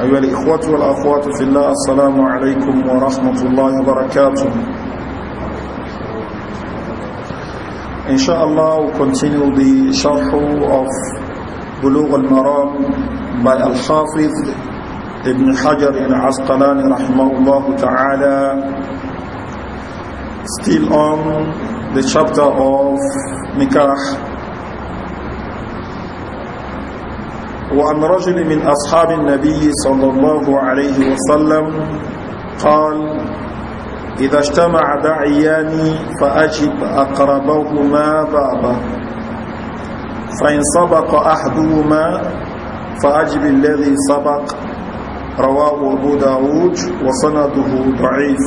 أيها الإخوة والأخوات في الله السلام عليكم ورحمة الله وبركاته الله we'll continue the شرح of بلوغ المرام maram by Al-Hafiz Ibn Hajar رحمه asqalani تعالى still on the chapter of نكاح وعن رجل من أصحاب النبي صلى الله عليه وسلم قال إذا اجتمع داعيان فأجب أقربهما بابا فإن سبق أحدهما فأجب الذي سبق رواه أبو داود وسنده ضعيف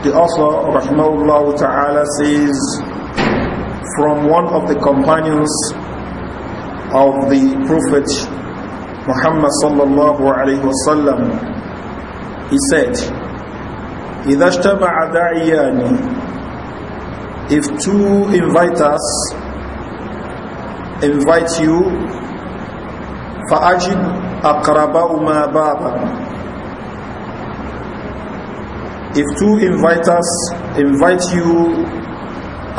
The author, Rahmahullah Ta'ala, says, From one of the companions of the Prophet Muhammad sallallahu alayhi wasallam. He said, If two inviters invite you, فَأَجِبْ أَقْرَبَهُمَا بَابًا If two inviters invite you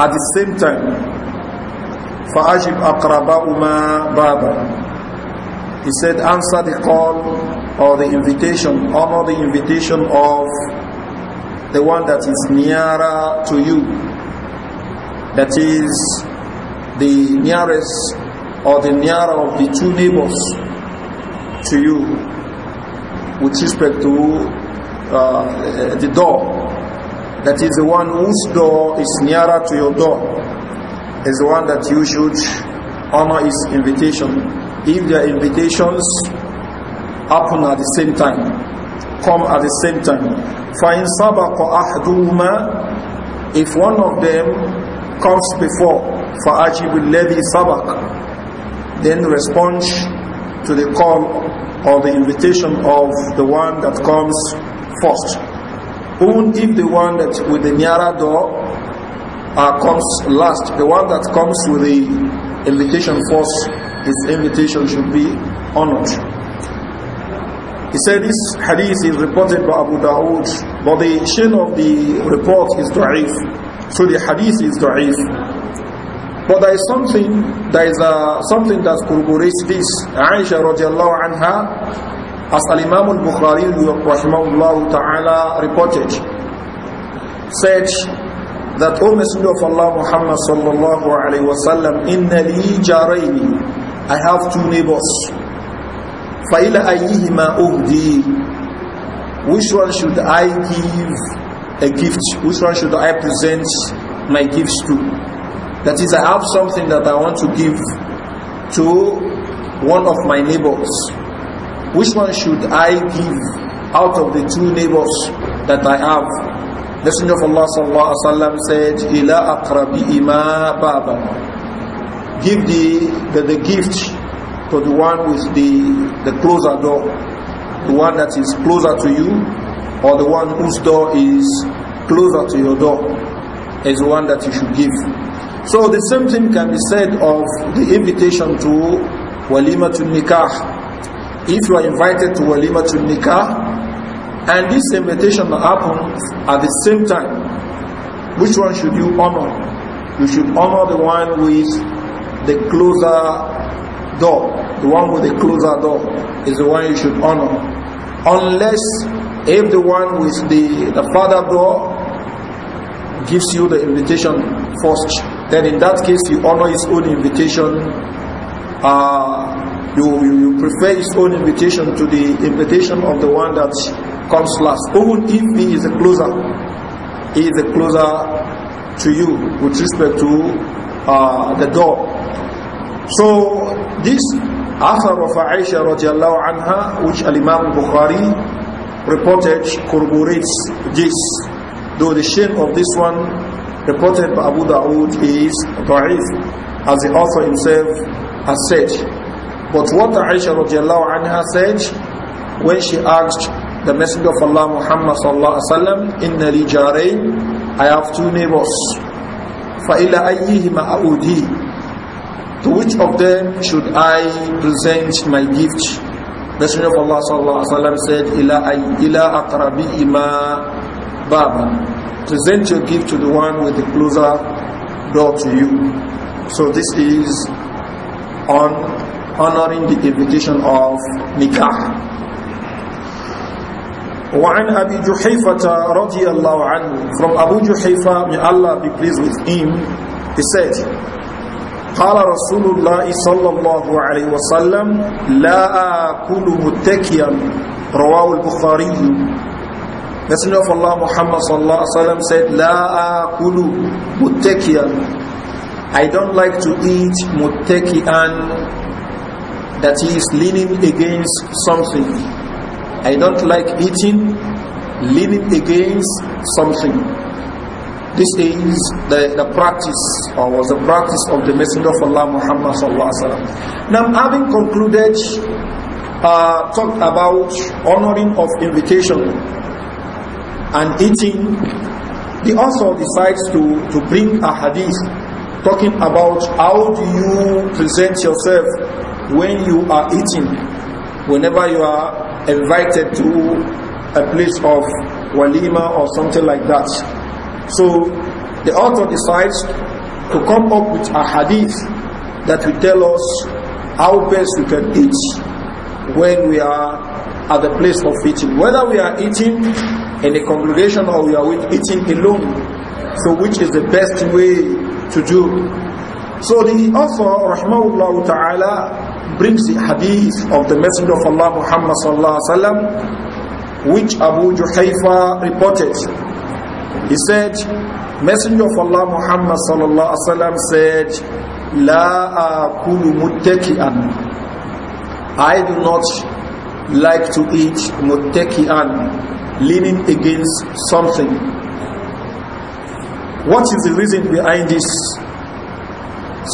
at the same time, فأجب أقرباؤما بابا He said, answer the call or the invitation, honor the invitation of the one that is nearer to you. That is the nearest or the nearer of the two neighbors to you with respect to uh, the door. That is the one whose door is nearer to your door is the one that you should honor his invitation. If their invitations happen at the same time, come at the same time. فَإِنْ سَبَقَ أَحْدُهُمَا If one of them comes before, فَأَجِبُ الَّذِي سَبَقَ Then respond to the call or the invitation of the one that comes first. Even if the one that with the nearer door uh, comes last. The one that comes with the invitation first, his invitation should be honored. He said this hadith is reported by Abu Dawood, but the chain of the report is da'if. So the hadith is da'if. But there is something, there is a, uh, something that corroborates this. Aisha radiallahu anha, as al-Imam al-Bukhari rahimahullah ta'ala reported, said, that, O Messenger of Allah Muhammad sallallahu alayhi wa sallam, inna li jarayni, I have two neighbors. فَإِلَى أَيِّهِمَا أُهْدِي Which one should I give a gift? Which one should I present my gifts to? That is, I have something that I want to give to one of my neighbors. Which one should I give out of the two neighbors that I have? Messenger of Allah sallallahu alaihi wasallam said, "Ila akrabi'ima baba." Give the, the the gift to the one with the the closer door, the one that is closer to you, or the one whose door is closer to your door, is the one that you should give. So the same thing can be said of the invitation to walima to nikah. If you are invited to walima to nikah, and this invitation happens at the same time. Which one should you honor? You should honor the one with the closer door. The one with the closer door is the one you should honor. Unless if the one with the, the father door gives you the invitation first, then in that case you honor his own invitation. Uh, you, you, you prefer his own invitation to the invitation of the one that comes last. Even if he is a closer, he is a closer to you with respect to uh, the door. So this Athar of Aisha radiallahu anha, which imam Bukhari reported corroborates this. Though the shape of this one reported by Abu Dawood is da'if, as the author himself has said. But what Aisha radiallahu anha said when she asked the Messenger of Allah Muhammad sallallahu alaihi wasallam, inna li I have two neighbors. Fa ila ayyihima To which of them should I present my gift? The Messenger of Allah sallallahu alaihi wasallam said, ila ay ila aqrabihima baba. Present your gift to the one with the closer door to you. So this is on honoring the invitation of nikah. وعن أبي جحيفة رضي الله عنه from أبو جحيفة may Allah be pleased with him he said قال رسول الله صلى الله عليه وسلم لا آكل متكيا رواه البخاري Messenger of Allah Muhammad الله عليه وسلم said لا أكل متكيا I don't like to eat متكيا that he is leaning against something I don't like eating, leaning against something. This is the, the practice, or was the practice of the Messenger of Allah Muhammad sallallahu alaihi wasallam. Now, having concluded, uh, talked about honoring of invitation and eating, the author decides to, to bring a hadith talking about how do you present yourself when you are eating, whenever you are invited to a place of walima or something like that. So the author decides to come up with a hadith that will tell us how best we can eat when we are at the place of eating. Whether we are eating in a congregation or we are eating alone. So which is the best way to do. So the author, rahmahullah ta'ala, brings the hadith of the Messenger of Allah Muhammad sallallahu alaihi wasallam, which Abu Juhayfa reported. He said, Messenger of Allah Muhammad sallallahu alaihi wasallam said, "La akulu muttaki'an." I do not like to eat muttaki'an, leaning against something. What is the reason behind this?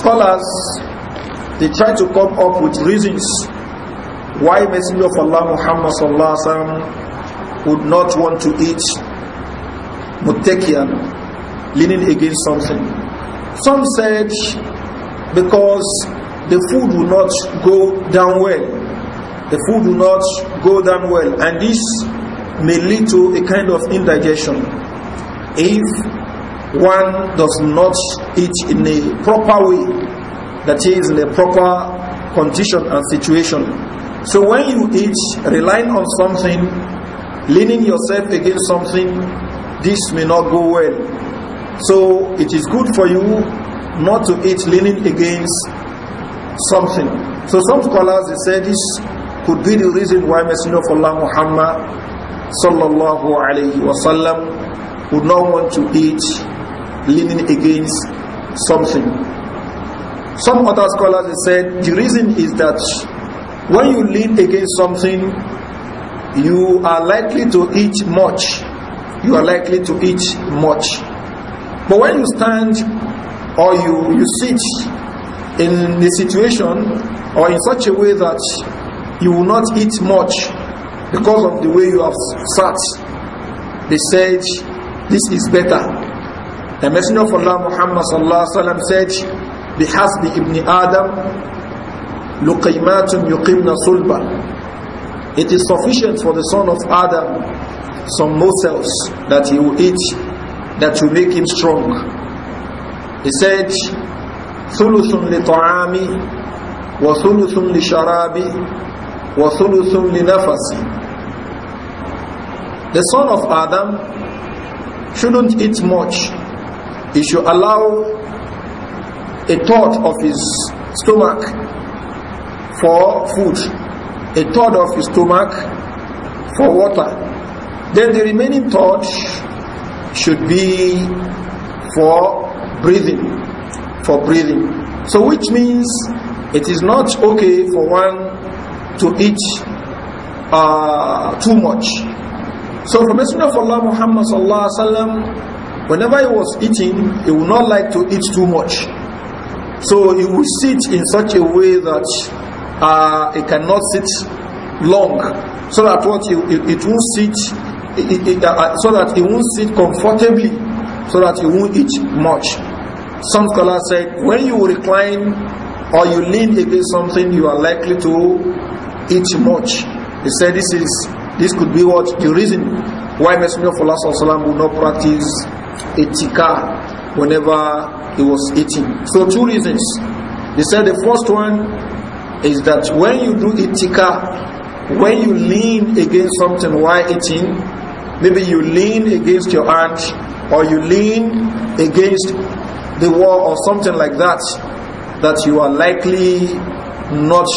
Scholars they try to come up with reasons why Messenger of Allah Muhammad sallallahu alaihi wasallam would not want to eat muttaqiyan, leaning against something. Some said because the food will not go down well. The food will not go down well, and this may lead to a kind of indigestion. If one does not eat in a proper way, that he is in a proper condition and situation. So when you eat, relying on something, leaning yourself against something, this may not go well. So it is good for you not to eat leaning against something. So some scholars they say this could be the reason why Messenger of Allah Muhammad sallallahu alayhi wasallam would not want to eat leaning against something. Some other scholars have said the reason is that when you lean against something, you are likely to eat much. You are likely to eat much. But when you stand or you, you sit in a situation or in such a way that you will not eat much because of the way you have sat, they said, this is better. The Messenger of Allah Muhammad said, بحسب ابن Adam لقيمات يقمن صلبا It is sufficient for the son of Adam some morsels that he will eat that will make him strong. He said, ثلث لطعامي وثلث لشرابي وثلث لنفسي The son of Adam shouldn't eat much. He should allow a third of his stomach for food, a third of his stomach for water. Then the remaining third should be for breathing, for breathing. So which means it is not okay for one to eat uh, too much. So the Messenger of Allah Muhammad sallallahu alaihi wasallam, whenever he was eating, he would not like to eat too much. So he will sit in such a way that uh, he cannot sit long, so that what he, it, won't sit, it, it, uh, uh, so that he won't sit comfortably, so that he won't eat much. Some scholars say when you recline or you lean against something, you are likely to eat much. He said this is this could be what the reason why Messenger of Allah will not practice etika whenever he was eating. So two reasons. They said the first one is that when you do itika, when you lean against something while eating, maybe you lean against your aunt or you lean against the wall or something like that, that you are likely not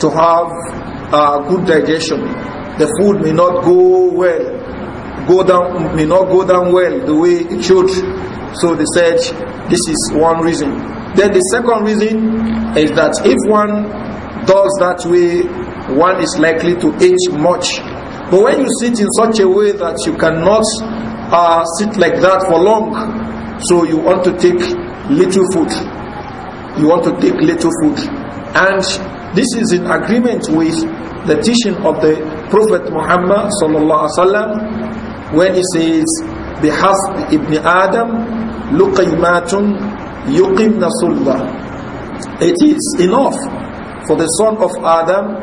to have uh, good digestion. The food may not go well, go down may not go down well the way it should. So they said this is one reason. Then the second reason is that if one does that way, one is likely to age much. But when you sit in such a way that you cannot uh, sit like that for long, so you want to take little food. You want to take little food. And this is in agreement with the teaching of the Prophet Muhammad when he says, "Behasb ibn Adam it is enough for the son of Adam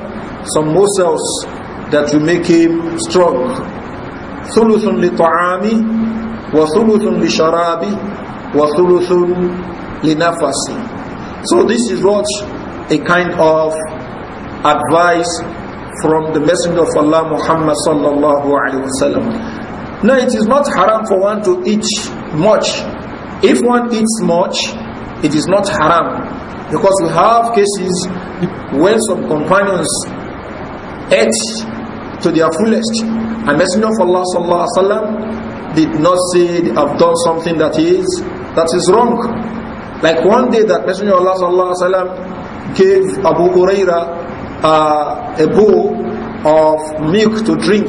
some muscles that will make him strong. ثُلُثٌ لِطَعَامِ وَثُلُثٌ لِشَرَابِ وَثُلُثٌ لِنَفَسِ So this is what a kind of advice from the Messenger of Allah Muhammad sallallahu alaihi wasallam. No, it is not haram for one to eat much if one eats much, it is not haram. Because we have cases where some companions ate to their fullest. And Messenger of Allah sallallahu alaihi wasallam did not say they have done something that is that is wrong. Like one day that Messenger of Allah sallallahu alaihi wasallam gave Abu Huraira uh, a bowl of milk to drink.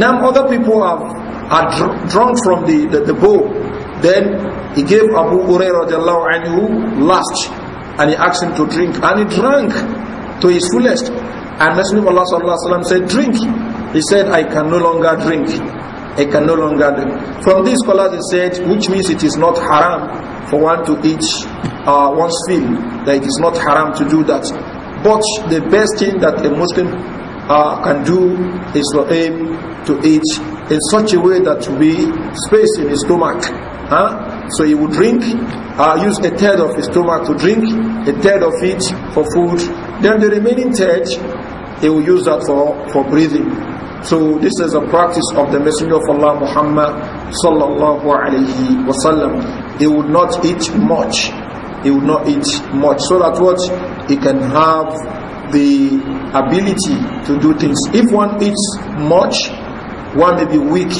Now other people have are drunk from the, the, the bowl then he gave Abu Hurairah anhu last and he asked him to drink and he drank to his fullest. And Messenger of Allah said, drink. He said, I can no longer drink. I can no longer drink. From these scholars he said, which means it is not haram for one to eat uh, one's fill. That it is not haram to do that. But the best thing that a Muslim uh, can do is for him to eat in such a way that will be space in his stomach Huh? So he would drink, uh, use a third of his stomach to drink, a third of it for food. Then the remaining third, he will use that for, for breathing. So this is a practice of the Messenger of Allah Muhammad sallallahu alaihi wasallam. He would not eat much. He would not eat much. So that what? He can have the ability to do things. If one eats much, one may be weak,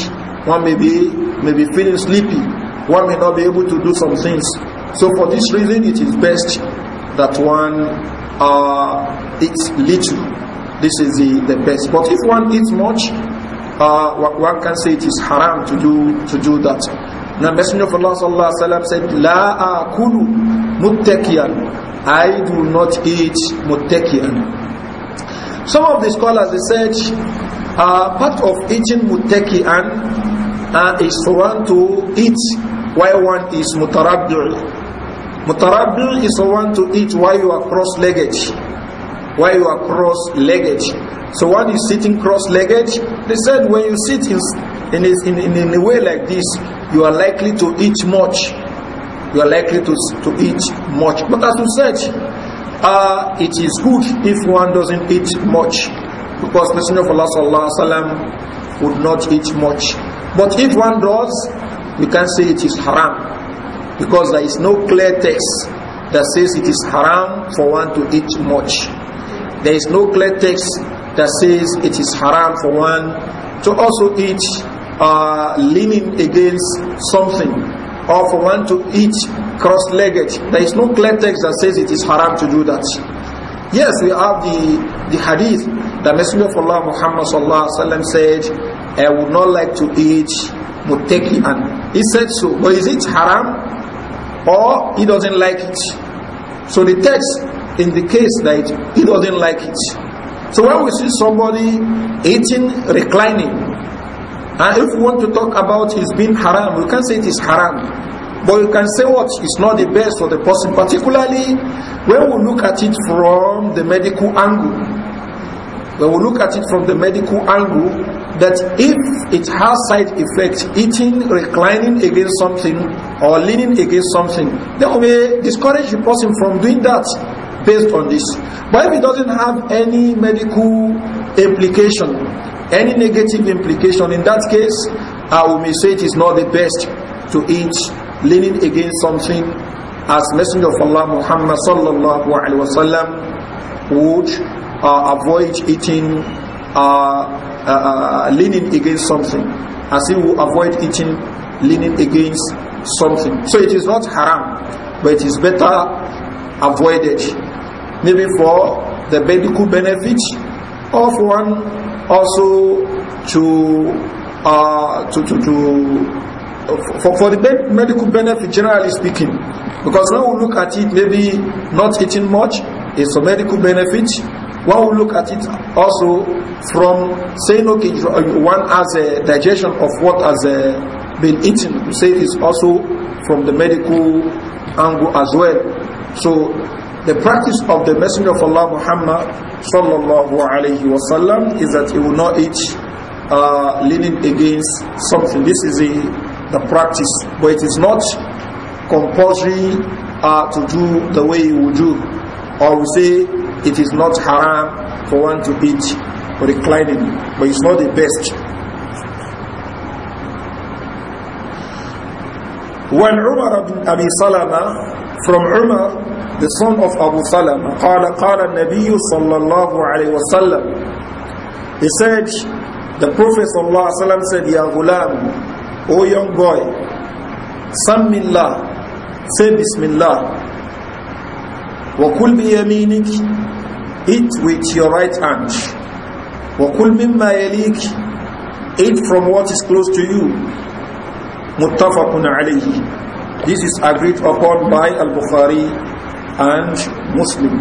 one may be, may be feeling sleepy, one may not be able to do some things. So for this reason, it is best that one uh, eats little. This is the, the best. But if one eats much, uh, one can say it is haram to do to do that. The Messenger of Allah sallallahu alaihi wasallam said, "La akulu muttakiyan." I do not eat muttakiyan. Some of the scholars they said, uh, part of eating muttakiyan uh, is for one to eat while one is mutarabdu'. Mutarabdu' is one to eat while you are cross-legged. While you are cross-legged. So one is sitting cross-legged. They said when you sit in, in, in, in a way like this, you are likely to eat much. You are likely to, to eat much. But as we said, uh, it is good if one doesn't eat much. Because Messenger of Allah sallallahu alaihi wasallam would not eat much. But if one does, you can't say it is haram because there is no clear text that says it is haram for one to eat much. There is no clear text that says it is haram for one to also eat uh, leaning against something or for one to eat cross-legged. There is no clear text that says it is haram to do that. Yes, we have the, the hadith. The Messenger of Allah Muhammad said, I would not like to eat and." He said so. But is it haram? Or he doesn't like it? So the text indicates that he doesn't like it. So when we see somebody eating, reclining, and if we want to talk about his being haram, we can not say it is haram. But you can say what is not the best for the person, particularly when we look at it from the medical angle. When we look at it from the medical angle, that if it has side effect, eating, reclining against something or leaning against something, then we discourage the person from doing that based on this. But if it doesn't have any medical implication, any negative implication, in that case, I will say it is not the best to eat leaning against something as Messenger of Allah Muhammad sallallahu alaihi wasallam would uh, avoid eating uh, uh, uh, uh, leaning against something, as if we avoid eating leaning against something. So it is not haram, but it is better avoided. Maybe for the medical benefit of one, also to uh, to to, to for, for the medical benefit, generally speaking, because when we look at it, maybe not eating much is a medical benefit, one will look at it also from saying, okay, one uh, has a digestion of what has uh, been eaten. We say it is also from the medical angle as well. So the practice of the Messenger of Allah Muhammad sallallahu alayhi wasallam is that he will not eat uh, leaning against something. This is a, the practice, but it is not compulsory uh, to do the way you would do. Or we say it is not haram for one to eat reclining, but it's not the best. When Umar ibn Abi Salama, from Umar, the son of Abu Salama, قال قال النبي صلى الله عليه وسلم, he said, the Prophet ﷺ said, Ya Ghulam, O young boy, Sammillah, say Bismillah, وَكُلْ بِيَمِينِكِ Eat with your right hand. وَكُلْ مِمَّا يَلِيكِ Eat from what is close to you. مُتَّفَقٌ عَلَيْهِ This is agreed upon by Al-Bukhari and Muslim.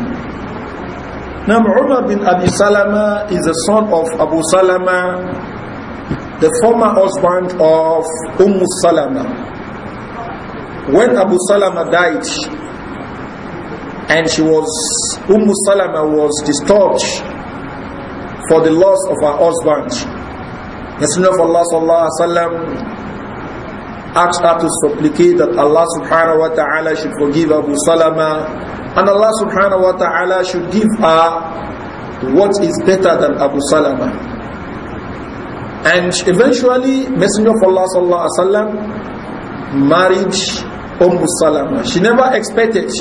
Now Umar bin Abi Salama is the son of Abu Salama, the former husband of Umm Salama. When Abu Salama died, and she was Umm Salama was distraught for the loss of her husband. The Messenger of Allah sallallahu alaihi wasallam asked her to supplicate that Allah subhanahu wa taala should forgive Abu Salama, and Allah subhanahu wa taala should give her what is better than Abu Salama. And eventually, Messenger of Allah sallallahu alaihi wasallam married Umm Salama. She never expected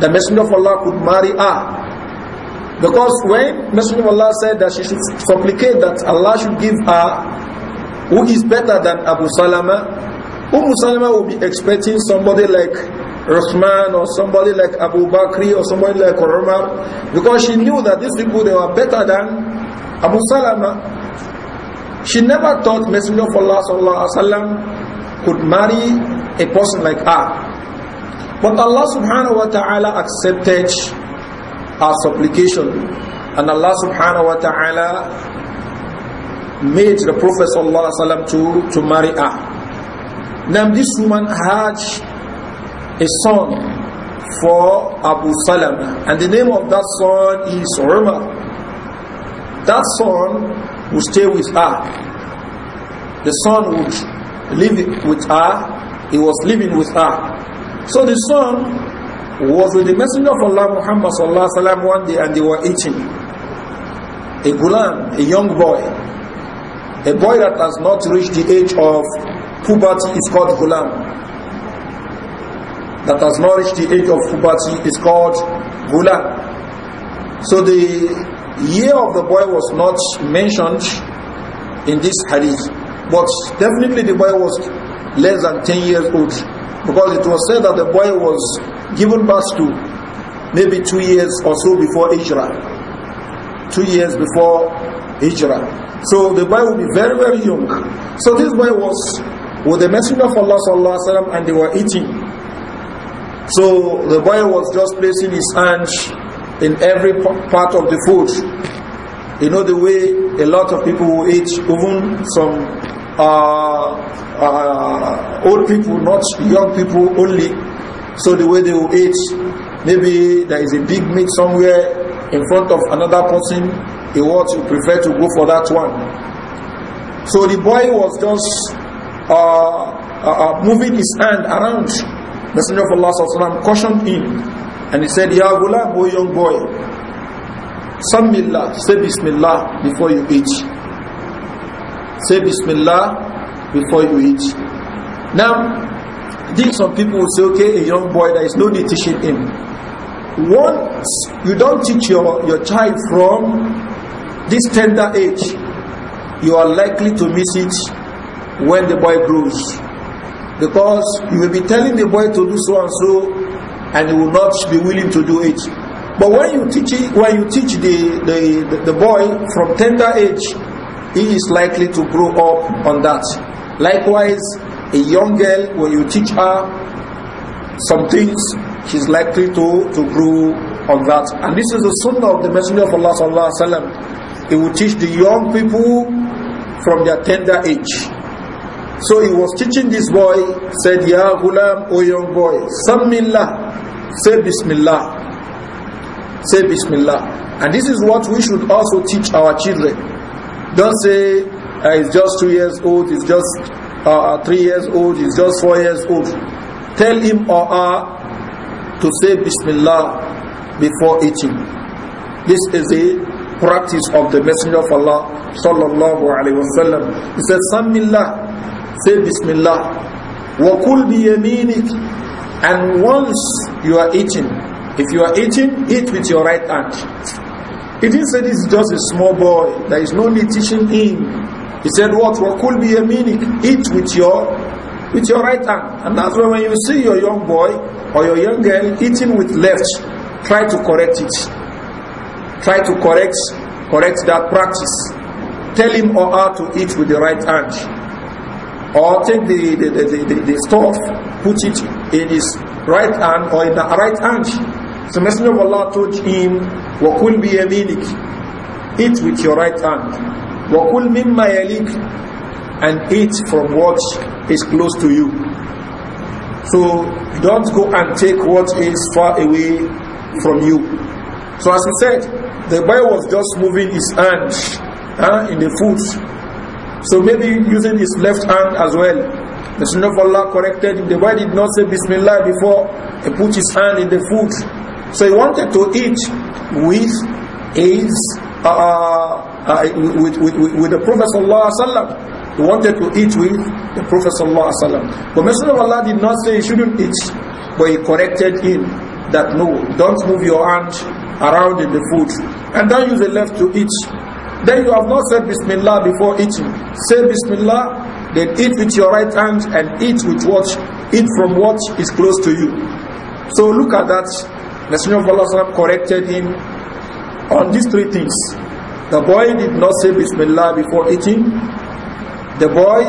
the Messenger of Allah could marry her. Because when Messenger of Allah said that she should supplicate that Allah should give her who is better than Abu Salama, Umm Salama would be expecting somebody like Uthman or somebody like Abu Bakr or somebody like Umar because she knew that these people they were better than Abu Salama. She never thought Messenger of Allah could marry a person like her. But Allah subhanahu wa ta'ala accepted our supplication. And Allah subhanahu wa ta'ala made the Prophet sallallahu alaihi wasallam to, to marry her. Now this woman had a son for Abu Salam. And the name of that son is Umar. That son will stay with her. The son would live with her. He was living with her. So the son was with the Messenger of Allah Muhammad sallallahu alaihi wasallam one day and they were eating. A gulam, a young boy, a boy that has not reached the age of puberty is called gulam. That has not reached the age of puberty is called gulam. So the year of the boy was not mentioned in this hadith, but definitely the boy was less than 10 years old. Because it was said that the boy was given birth to maybe two years or so before Hijrah. Two years before Hijrah. So the boy will be very, very young. So this boy was with the Messenger of Allah sallallahu alaihi wasallam, and they were eating. So the boy was just placing his hand in every part of the food. You know the way a lot of people will eat, even some uh, uh, old people, not young people only. So the way they will eat, maybe there is a big meat somewhere in front of another person, he wants to prefer to go for that one. So the boy was just uh, uh, uh moving his hand around. The Messenger of Allah sallam, cautioned him and he said, Ya gula boy, young boy, Sammillah, say Bismillah before you eat. Say Bismillah before you eat. Now, I think some people will say, okay, a young boy, there is no need teaching him. Once you don't teach your, your child from this tender age, you are likely to miss it when the boy grows. Because you will be telling the boy to do so and so, and he will not be willing to do it. But when you teach it, when you teach the, the, the boy from tender age, he is likely to grow up on that. Likewise, a young girl, when you teach her some things, she's likely to, to grow on that. And this is the sunnah of the Messenger of Allah sallallahu alaihi wasallam. He would teach the young people from their tender age. So he was teaching this boy, said, Ya Ghulam, O young boy, Sammillah, say Bismillah. Say Bismillah. And this is what we should also teach our children. Don't say uh, it's just two years old, it's just uh, three years old, it's just four years old. Tell him or her to say Bismillah before eating. This is a practice of the Messenger of Allah sallallahu alaihi wasallam. He said, "Samillah, say Bismillah, wa kul biyaminik." And once you are eating, if you are eating, eat with your right hand. He didn't say this is just a small boy. There is no need teaching him. He said, what? could be a meaning. Eat with your with your right hand. And that's why when you see your young boy or your young girl eating with left, try to correct it. Try to correct correct that practice. Tell him or her to eat with the right hand. Or take the, the, the, the, the stuff, put it in his right hand or in the right hand so Messenger of Allah told him, وَكُلْ بِيَمِينِكِ Eat with your right hand. وَكُلْ مِمَّا يَلِيكِ And eat from what is close to you. So don't go and take what is far away from you. So as he said, the boy was just moving his hand huh, in the foot. So maybe using his left hand as well. The Messenger of Allah corrected him. The boy did not say Bismillah before he put his hand in the foot. So he wanted to eat with his, uh, uh, uh with, with, with, with the Prophet ﷺ. He wanted to eat with the Prophet ﷺ. But Messenger of Allah did not say he shouldn't eat, but he corrected him that no, don't move your hand around in the food and don't use the left to eat. Then you have not said Bismillah before eating. Say Bismillah, then eat with your right hand and eat with what? Eat from what is close to you. So look at that Messenger of Allah corrected him on these three things. The boy did not say Bismillah before eating. The boy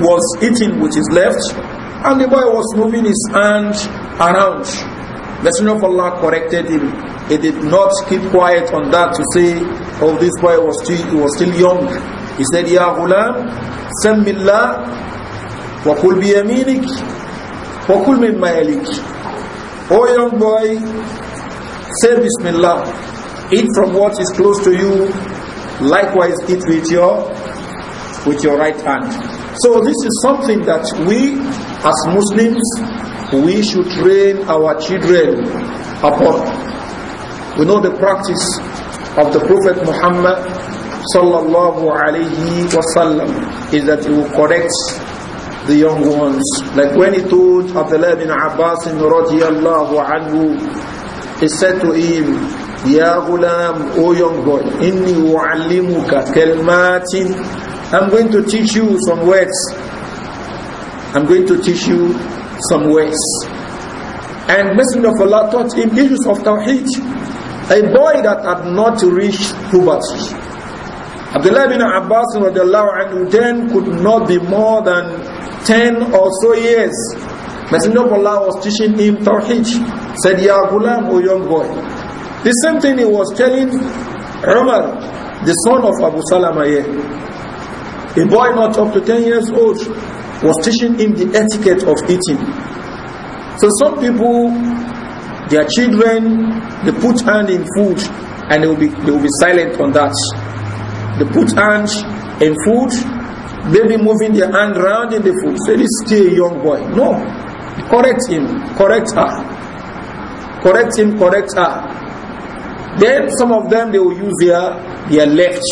was eating with his left and the boy was moving his hand around. Messenger of Allah corrected him. He did not keep quiet on that to say, oh, this boy was still, he was still young. He said, Ya ghulam, semmillah, wa kul biyaminik, wa kul min mayalik. O oh, young boy, say Bismillah. Eat from what is close to you. Likewise, eat with your with your right hand. So this is something that we, as Muslims, we should train our children upon. We know the practice of the Prophet Muhammad sallallahu alaihi wasallam is that he will correct the young ones. Like when he told Abdullah bin Abbas radiallahu anhu, he said to him, Ya Ghulam, O young boy, inni u'allimuka kalmatin. I'm going to teach you some words. I'm going to teach you some words. And Messenger of Allah taught him issues of Tawheed. A boy that had not reached puberty. Abdullah bin Abbas radiallahu anhu then could not be more than 10 or so years, Messenger of Allah was teaching him Tawheed. Said, Ya Ghulam, O young boy. The same thing he was telling Umar, the son of Abu Salama here. A boy not up to 10 years old was teaching him the etiquette of eating. So some people, their children, they put hand in food and they will be, they will be silent on that. They put hand in food Maybe moving their hand round in the food. Say, this still a young boy. No. Correct him. Correct her. Correct him. Correct her. Then some of them, they will use their, their left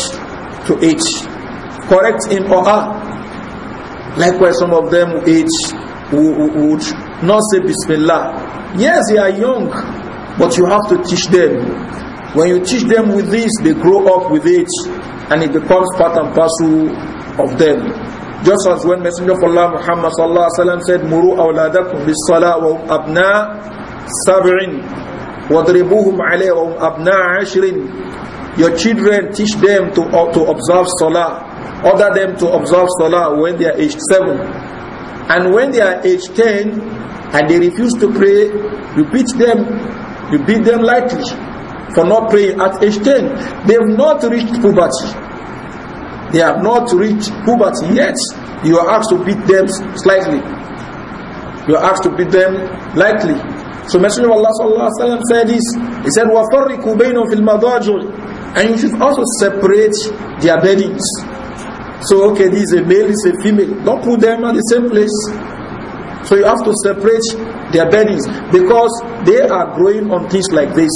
to eat. Correct him or her. Likewise, some of them eat age would not say Bismillah. Yes, they are young, but you have to teach them. When you teach them with this, they grow up with it, and it becomes part and parcel of them. Just as when Messenger of Allah Muhammad sallallahu alaihi wasallam said, "Muru awladakum bis salah wa abna sab'in wadribuhum alayha wa abna ashrin." Your children teach them to uh, to observe salah, order them to observe salah when they are aged seven, and when they are aged ten and they refuse to pray, you beat them, you beat them lightly for not praying at age ten. They have not reached puberty. They have not reached puberty yet. You are asked to beat them slightly. You are asked to beat them lightly. So Messenger of Allah sallallahu alaihi wasallam said this. He said, وَفَرِّقُ بَيْنُهُ فِي الْمَضَاجُرِ And you should also separate their beddings. So, okay, this is a male, this is a female. Don't put them at the same place. So you have to separate their beddings because they are growing on things like this.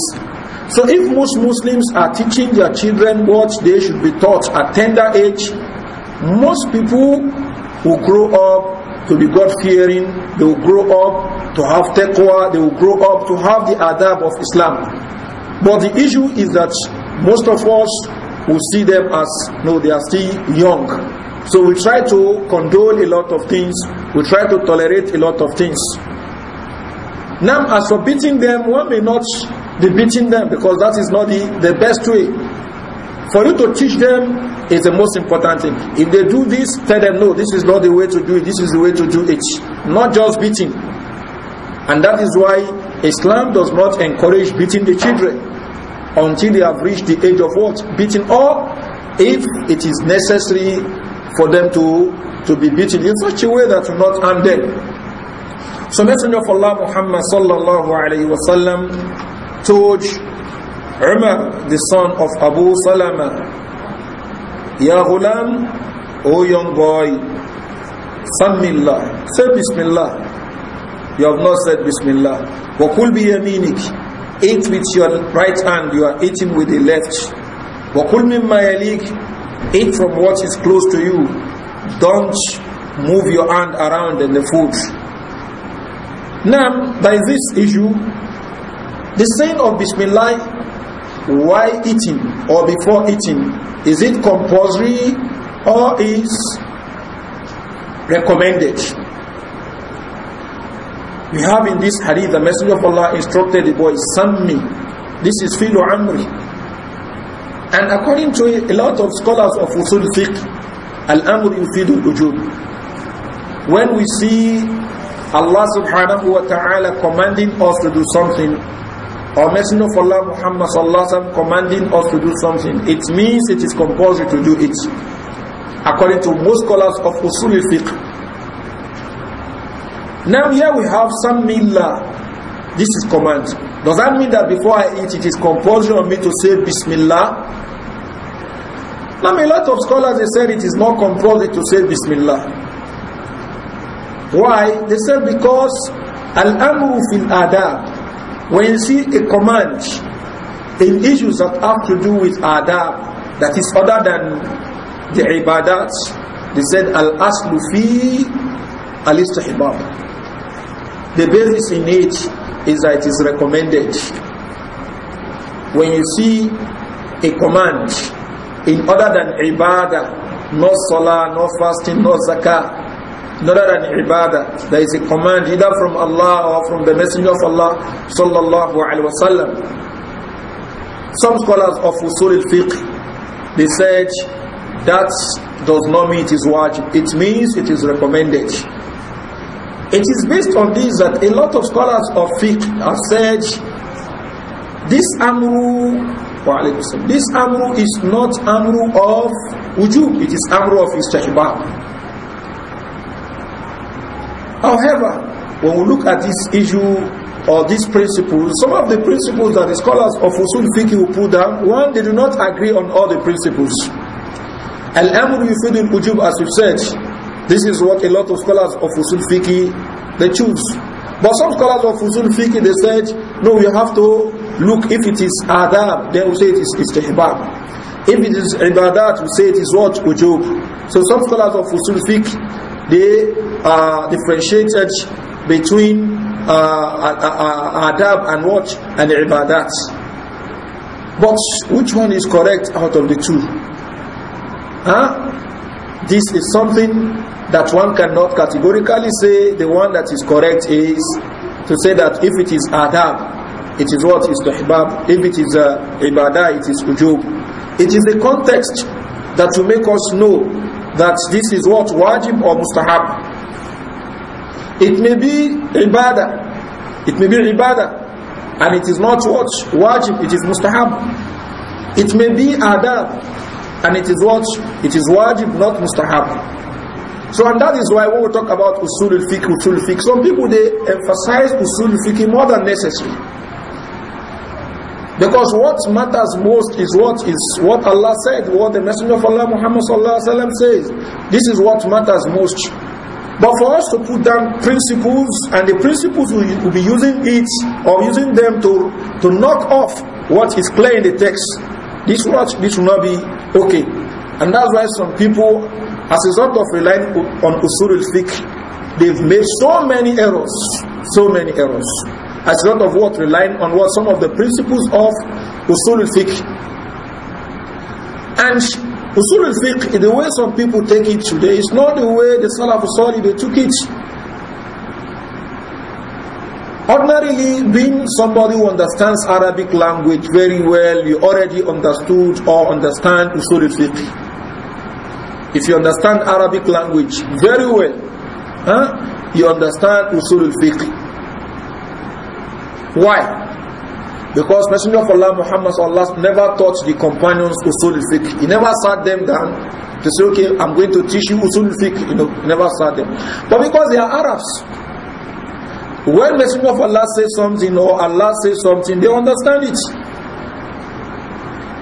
So if most Muslims are teaching their children what they should be taught at tender age, most people will grow up to be God-fearing, they will grow up to have taqwa, they will grow up to have the adab of Islam. But the issue is that most of us will see them as, no, they are still young. So we try to condole a lot of things, we try to tolerate a lot of things. Now, as forbidding them, one may not the beating them because that is not the, the best way. For you to teach them is the most important thing. If they do this, tell them, no, this is not the way to do it, this is the way to do it. Not just beating. And that is why Islam does not encourage beating the children until they have reached the age of what? Beating or if it is necessary for them to, to be beaten in such a way that will not harm them. So Messenger of Allah Muhammad sallallahu alayhi wa sallam told Umar, the son of Abu Salama, Ya Ghulam, O young boy, Sammillah, say Bismillah. You have not said Bismillah. Wakul bi yaminik, eat with your right hand, you are eating with the left. Wakul mimma yalik, eat from what is close to you. Don't move your hand around in the food. Now, by this issue, the saying of Bismillah while eating or before eating, is it compulsory or is recommended? We have in this hadith, the Messenger of Allah instructed the boy, me." This is Filo Amri. And according to a lot of scholars of Usul Fiqh, Al-Amr yufidu al-ujub. When we see Allah subhanahu wa ta'ala commanding us to do something, or Messenger of Allah Muhammad sallallahu alaihi wasallam commanding us to do something, it means it is compulsory to do it. According to most scholars of Usul fiqh. Now here we have some millah. This is command. Does that mean that before I eat, it is compulsory on me to say Bismillah? Now, a lot of scholars they said it is not compulsory to say Bismillah. Why? They said because Al-Amru fil Adab when you see a command in issues that have to do with adab, that is other than the ibadat, they said al-aslu fi al-istihbab. The basis in it is that it is recommended. When you see a command in other than ibadah, no salah, no fasting, no zakah, not an ibadah. There is a command either from Allah or from the Messenger of Allah sallallahu alaihi wasallam. Some scholars of usul al-fiqh, they said that does not mean it is wajib. It means it is recommended. It is based on this that a lot of scholars of fiqh have said this amru this amru is not amru of wujub, it is amru of istihbab. However, when we look at this issue or these principles, some of the principles that the scholars of Usul Fiqh will put down, one, they do not agree on all the principles. Al-Amr Yufidul Ujub, as we've said, this is what a lot of scholars of Usul Fiqh, they choose. But some scholars of Usul Fiqh, they said, no, we have to look if it is adab, they will say it is istihbab. If it is ibadat, we say it is what? Ujub. So some scholars of Usul Fiqh, they are differentiated between uh, adab and what and ibadat. But which one is correct out of the two? Huh? This is something that one cannot categorically say the one that is correct is to say that if it is adab, it is what is tuhbab. If it is uh, ibadah, it is ujub. It is the context that will make us know that this is what wajib or mustahab. It may be ibadah. It may be ibadah. And it is not what wajib, it is mustahab. It may be adab. And it is what? It is wajib, not mustahab. So and that is why when we talk about usul al-fiqh, usul al-fiqh, some people they emphasize usul al-fiqh more than necessary. Because what matters most is what is what Allah said, what the Messenger of Allah Muhammad sallallahu alaihi wasallam says. This is what matters most. But for us to put down principles, and the principles we will be using it or using them to to knock off what is clear in the text, this will not, this will not be okay. And that's why some people, as a result of relying on usul al-fiqh, they've made so many errors, so many errors as a lot of what relying on what some of the principles of usul al-fiqh. And usul al-fiqh, the way some people take it today, is not the way the Salaf al they took it. Ordinarily, being somebody who understands Arabic language very well, you already understood or understand usul al-fiqh. If you understand Arabic language very well, huh, you understand usul al-fiqh. Why? Because Messenger of Allah Muhammad Allah never taught the companions usul fiqh. He never sat them down to say, okay, I'm going to teach you usul fiqh. You know, never sat them. But because they are Arabs, when Messenger of Allah says something or Allah says something, they understand it.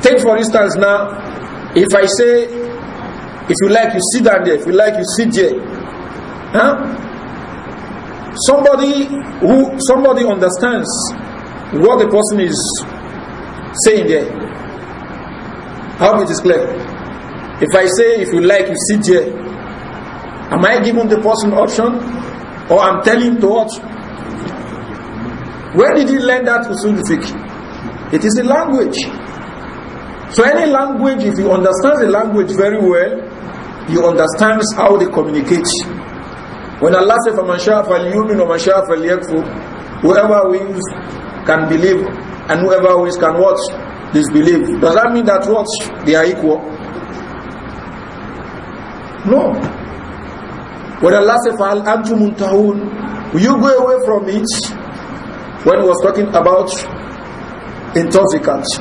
Take for instance now, if I say, if you like, you sit down there. If you like, you sit there. Huh? somebody who somebody understands what the person is saying there. How hope it is clear. If I say, if you like, you sit here, am I giving the person option or I'm telling to watch? Where did he learn that usul It is a language. So any language, if you understand the language very well, you understand how they communicate. When Allah says, فَمَنْ شَاءَ فَلْيُؤْمِنْ وَمَنْ al yaqfu, Whoever wins can believe, and whoever wins can watch disbelieve. Does that mean that what? They are equal? No. When Allah says, فَهَلْ أَنْتُمْ مُنْتَهُونَ Will you go away from it? When he was talking about intoxicants.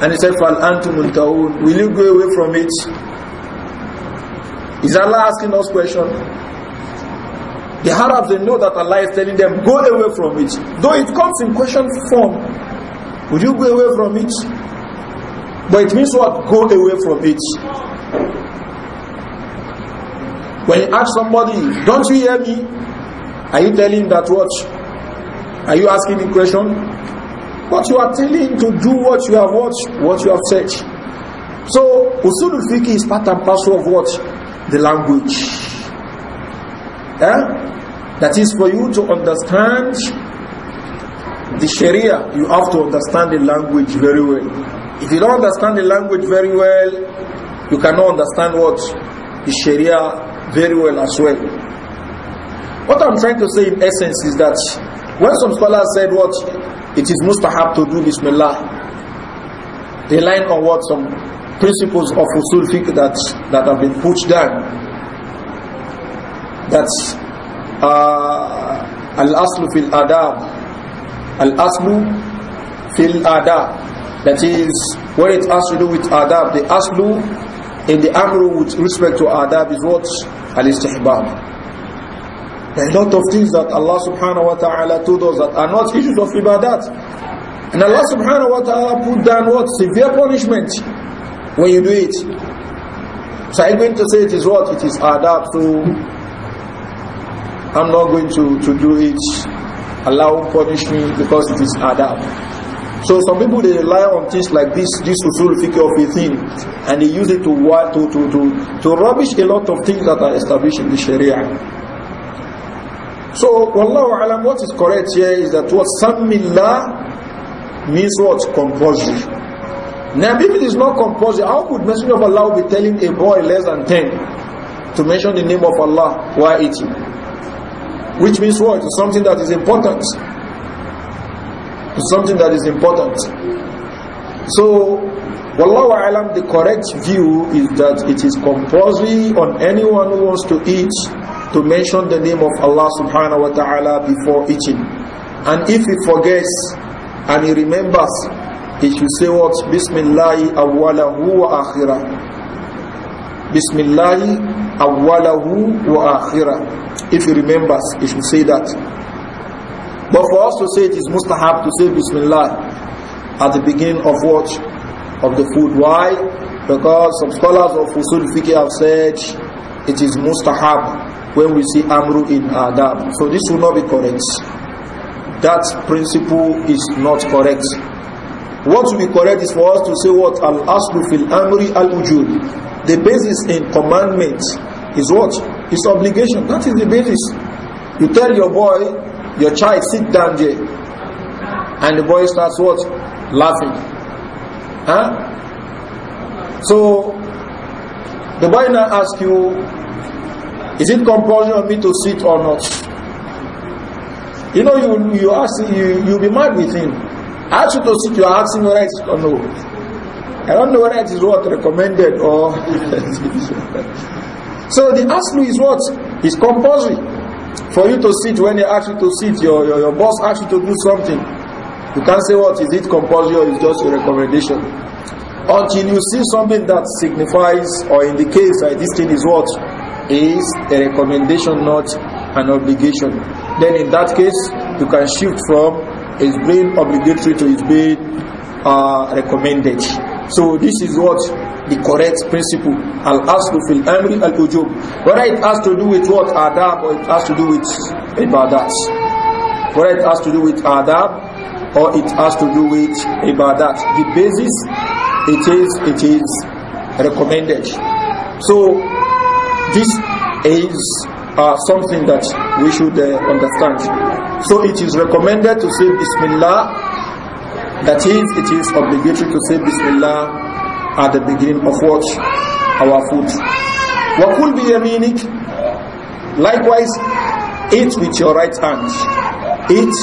And he said, فَهَلْ أَنْتُمْ مُنْتَهُونَ Will you go away from it? Is Allah asking us question? The Arabs, they know that Allah is telling them, go away from it. Though it comes in question form, would you go away from it? But it means what? Go away from it. When you ask somebody, don't you hear me? Are you telling that what? Are you asking in question? But you are telling to do what you have watched, what you have said. So, usulul fiqh is part and parcel of what? The language. Eh? That is for you to understand the Sharia, you have to understand the language very well. If you don't understand the language very well, you cannot understand what the Sharia very well as well. What I'm trying to say in essence is that when some scholars said what it is mustahab to do Bismillah, they line on what some principles of usul fiqh that, that have been put down. That's uh, al-aslu fil adab al-aslu fil adab that is what it has to do with adab the aslu in the amru with respect to adab is what al-istihbab there are a lot of things that Allah subhanahu wa ta'ala told us that are not issues of ibadat. And Allah subhanahu wa ta'ala put down what? Severe punishment when you do it. So I'm going to say it is what? It is adab. So I'm not going to, to do it. Allah will punish me because it is adab. So some people they rely on things like this, this usul fikr of a thing, and they use it to what to, to, to, to rubbish a lot of things that are established in the Sharia. So, Allah alam, what is correct here is that what Sammillah means what? Compulsory. Now, if it is not compulsory, how could Messenger of Allah be telling a boy less than 10 to mention the name of Allah while eating? Which means what? It's something that is important. It's something that is important. So, Wallahu alam, the correct view is that it is compulsory on anyone who wants to eat to mention the name of Allah subhanahu wa ta'ala before eating. And if he forgets and he remembers, he should say what? Bismillah awwalahu wa akhirah. Bismillah awwalahu wa akhirah. If he remembers, he should say that. But for us to say it is mustahab to say Bismillah at the beginning of what? Of the food. Why? Because some scholars of Usul Fiqh have said it is mustahab when we see Amru in Adab. So this will not be correct. That principle is not correct. What will be correct is for us to say what? Al-Aslu fil Amri al-Ujud. The basis in commandment his what? His obligation. That is the basis. You tell your boy, your child, sit down there. And the boy starts what? Laughing. Huh? So, the boy now asks you, is it compulsion for me to sit or not? You know, you you ask you you be mad with him. I ask you to sit. You are asking whether it's or no. I don't know whether it is what recommended or. So the aslu is what? It's compulsory. For you to sit when they ask you to sit, your, your, your boss asks you to do something. You can't say what is it compulsory or is just a recommendation. Until you see something that signifies or indicates that this thing is what? Is a recommendation, not an obligation. Then in that case, you can shift from it's being obligatory to it being uh, recommended. So this is what the correct principle. Al-aslu fil amri al-ujub. Whether it has to do with what? Adab or it has to do with ibadat. Whether it has to do with adab or it has to do with ibadat. The basis, it is, it is recommended. So, this is uh, something that we should uh, understand. So it is recommended to say Bismillah. That is, it is obligatory to say Bismillah at the beginning of what? Our food. what be a meaning? Likewise, eat with your right hand. Eat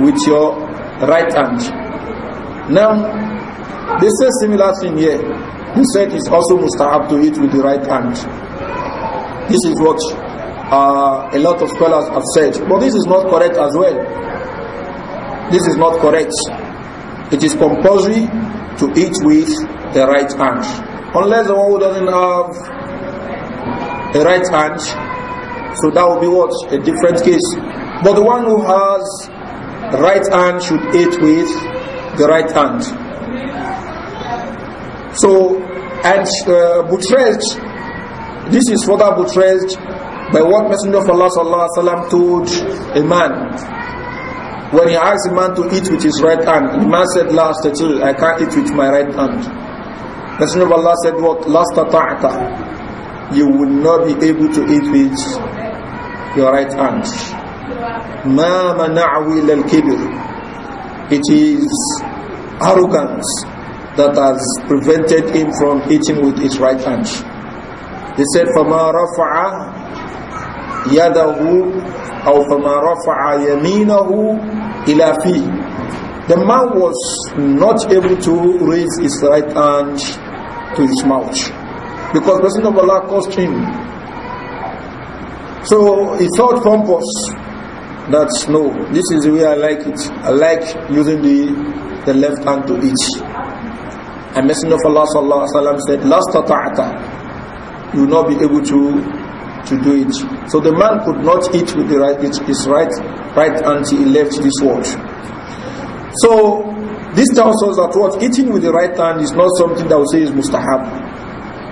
with your right hand. Now, they say similar thing here. He said it's also mustahab to eat with the right hand. This is what uh, a lot of scholars have said. But this is not correct as well. This is not correct. It is compulsory to eat with the right hand. Unless the one who doesn't have a right hand, so that will be what? A different case. But the one who has the right hand should eat with the right hand. So, and uh, buttressed, this is further buttressed by what Messenger of Allah sallallahu alaihi wasallam told a man when he asked a man to eat with his right hand. The man said, "Last, I can't eat with my right hand." Messenger of Allah said what? Last ta'ata. You will not be able to eat with your right hand. Ma mana'u al-kibir. It is arrogance that has prevented him from eating with his right hand. He said, فَمَا رَفَعَ يَدَهُ أَوْ فَمَا رَفَعَ يَمِينَهُ إِلَى فِيهِ The man was not able to raise his right hand to his mouth because Messenger of Allah caused him. So he felt pompous that no, this is the way I like it. I like using the, the left hand to eat. And Messenger of Allah sallallahu alaihi said, "Last ta'ata, you will not be able to to do it." So the man could not eat with the right, his right right until he left this world. So this tells us that what eating with the right hand is not something that we say is mustahab.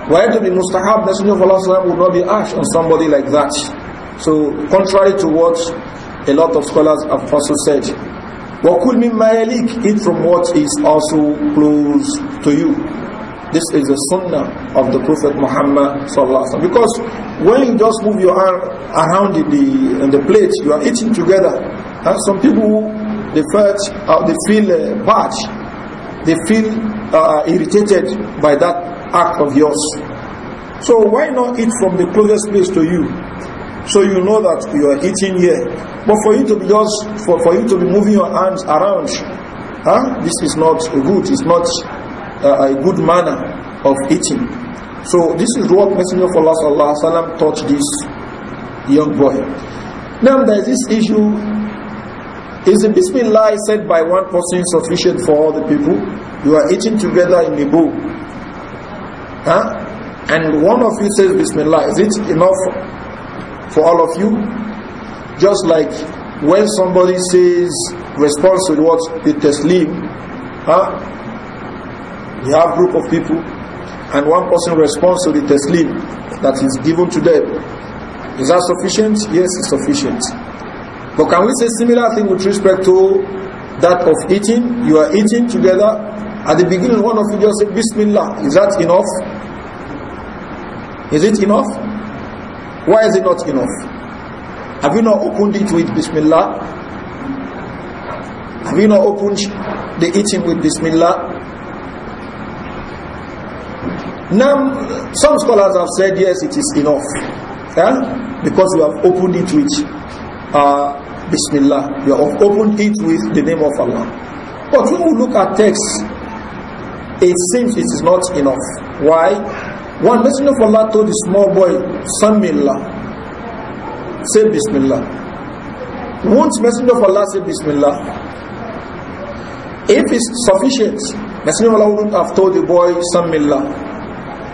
Why to be mustahab, Messenger of Allah would not be ash on somebody like that. So contrary to what a lot of scholars have also said, what could mean يَلِيكْ Eat from what is also close to you. This is the sunnah of the Prophet Muhammad Because when you just move your arm around in the, in the plate, you are eating together. And some people they felt, uh, they feel uh, bad, they feel uh, irritated by that act of yours. So why not eat from the closest place to you? So you know that you are eating here. But for you to be just, for, for you to be moving your hands around, huh? this is not good, it's not uh, a good manner of eating. So this is what Messenger of Allah sallam, taught this young boy. Now there is this issue is the Bismillah said by one person sufficient for all the people? You are eating together in the bowl. Huh? And one of you says Bismillah. Is it enough for all of you? Just like when somebody says response with what? The Taslim. Huh? You have group of people and one person responds to the Taslim that is given to them. Is that sufficient? Yes, it's sufficient. But can we say similar thing with respect to that of eating? You are eating together. At the beginning, one of you just said, Bismillah. Is that enough? Is it enough? Why is it not enough? Have you not opened it with Bismillah? Have you not opened the eating with Bismillah? Now, some scholars have said, yes, it is enough. Yeah? Because we have opened it with uh, Bismillah. You have opened it with the name of Allah. But when we look at text, it seems it is not enough. Why? One Messenger of Allah told the small boy, Samillah, say Bismillah. Won't Messenger of Allah say Bismillah? If it's sufficient, Messenger of Allah wouldn't have told the boy, Samillah.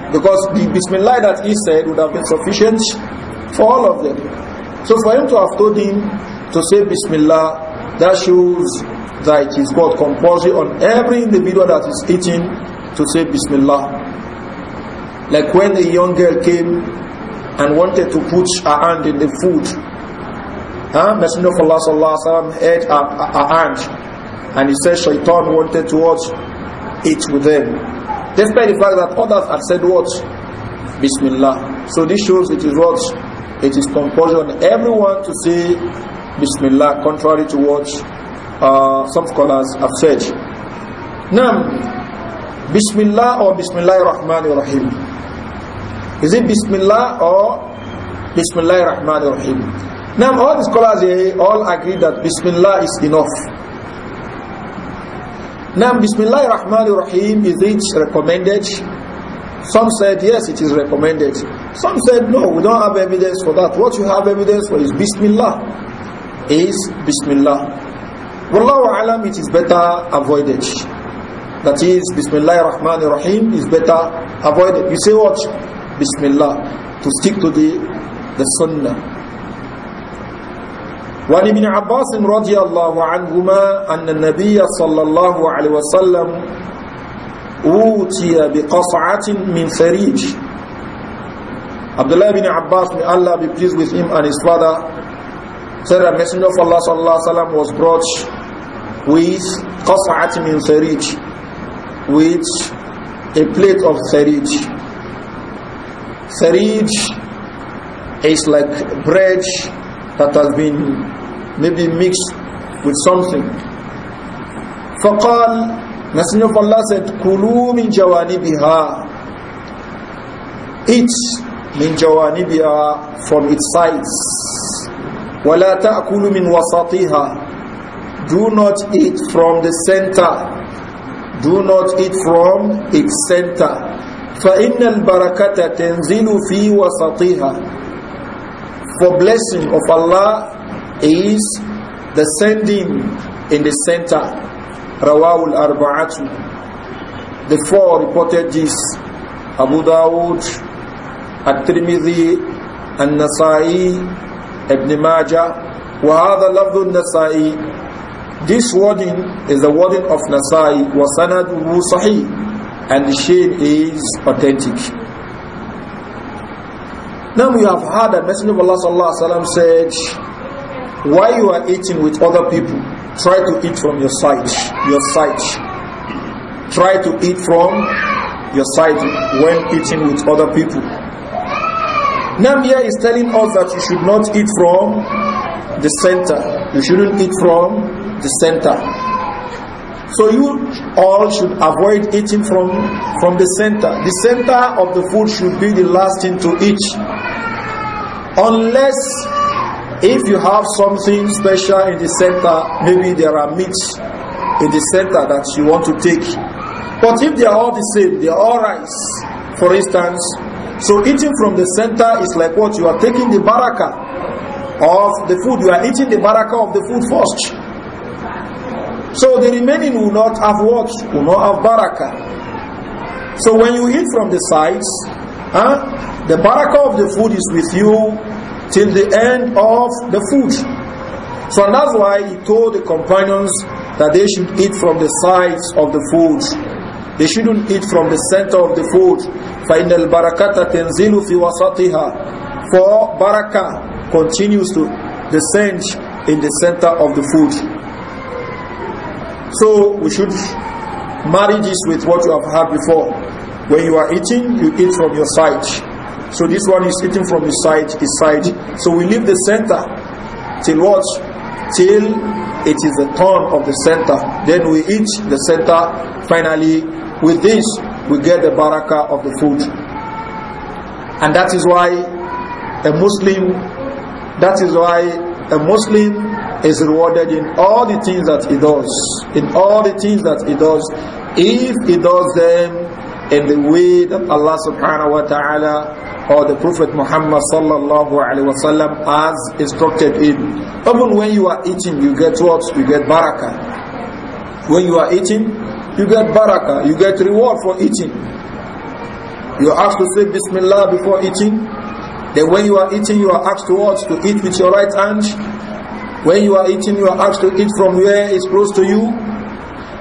Because the Bismillah that he said would have been sufficient for all of them. So for him to have told him, to say Bismillah, that shows that it is God compulsory on every individual that is eating to say Bismillah. Like when a young girl came and wanted to put her hand in the food, huh? Messenger of Allah sallallahu alaihi wasallam ate her, her, hand, and he said Shaitan wanted to watch it with them. Despite the fact that others had said what Bismillah. So this shows it is what? It is compulsion on everyone to say Bismillah, contrary to what uh, some scholars have said. Now, Bismillah or Bismillah Rahman Rahim? Is it Bismillah or Bismillah Rahman Rahim? Now, all the scholars here all agree that Bismillah is enough. Now, Bismillah Rahman Rahim is it recommended? Some said yes, it is recommended. Some said no, we don't have evidence for that. What you have evidence for is Bismillah is Bismillah. Wallahu alam, it is better avoided. That is, Bismillah Rahman Rahim is better avoided. You say what? Bismillah. To stick to the, the Sunnah. وعن ابن عباس رضي الله عنهما أن النبي صلى الله عليه وسلم أوتي بقصعة من فريج Abdullah ibn Abbas, may Allah be pleased with him and his father, said that Messenger of Allah sallallahu alaihi wasallam was brought with qas'at min tharij with a plate of serij. Serij is like bread that has been maybe mixed with something فقال Messenger of Allah said كلوا من جوانبها eat jawani biha from its sides وَلَا تَأْكُلُ مِنْ وَسَطِهَا Do not eat from the center. Do not eat from its center. فَإِنَّ الْبَرَكَةَ تَنْزِلُ فِي وَسَطِهَا For blessing of Allah is descending in the center. رواه الأربعة. The four reported this. Abu Dawud, At-Tirmidhi, An-Nasai, Ibn Majah وَهَذَا لَفْظُ النَّسَائِ This wording is the wording of Nasai وَسَنَدُهُ صَحِيح and the shade is authentic. Now we have heard that Messenger of Allah sallallahu said, "Why you are eating with other people, try to eat from your side, your side. Try to eat from your side when eating with other people." Namia is telling us that you should not eat from the center. You shouldn't eat from the center. So you all should avoid eating from, from the center. The center of the food should be the last thing to eat. Unless if you have something special in the center, maybe there are meats in the center that you want to take. But if they are all the same, they are all rice, for instance, so eating from the center is like what? You are taking the baraka of the food. You are eating the baraka of the food first. So the remaining will not have what? Will not have baraka. So when you eat from the sides, huh, the baraka of the food is with you till the end of the food. So that's why he told the companions that they should eat from the sides of the food. They shouldn't eat from the center of the food. فَإِنَّ الْبَرَكَةَ تَنْزِلُ فِي وَسَطِهَا For barakah continues to descend in the center of the food. So we should marry this with what you have had before. When you are eating, you eat from your side. So this one is eating from his side, his side. So we leave the center till what? Till it is the turn of the center. Then we eat the center. Finally, with this, we get the barakah of the food. And that is why a Muslim, that is why a Muslim is rewarded in all the things that he does, in all the things that he does, if he does them in the way that Allah subhanahu wa ta'ala or the Prophet Muhammad sallallahu alaihi wasallam has instructed in: Even when you are eating, you get what? You get barakah. When you are eating, you get barakah. You get reward for eating. You are asked to say Bismillah before eating. Then when you are eating, you are asked to what? To eat with your right hand. When you are eating, you are asked to eat from where is close to you.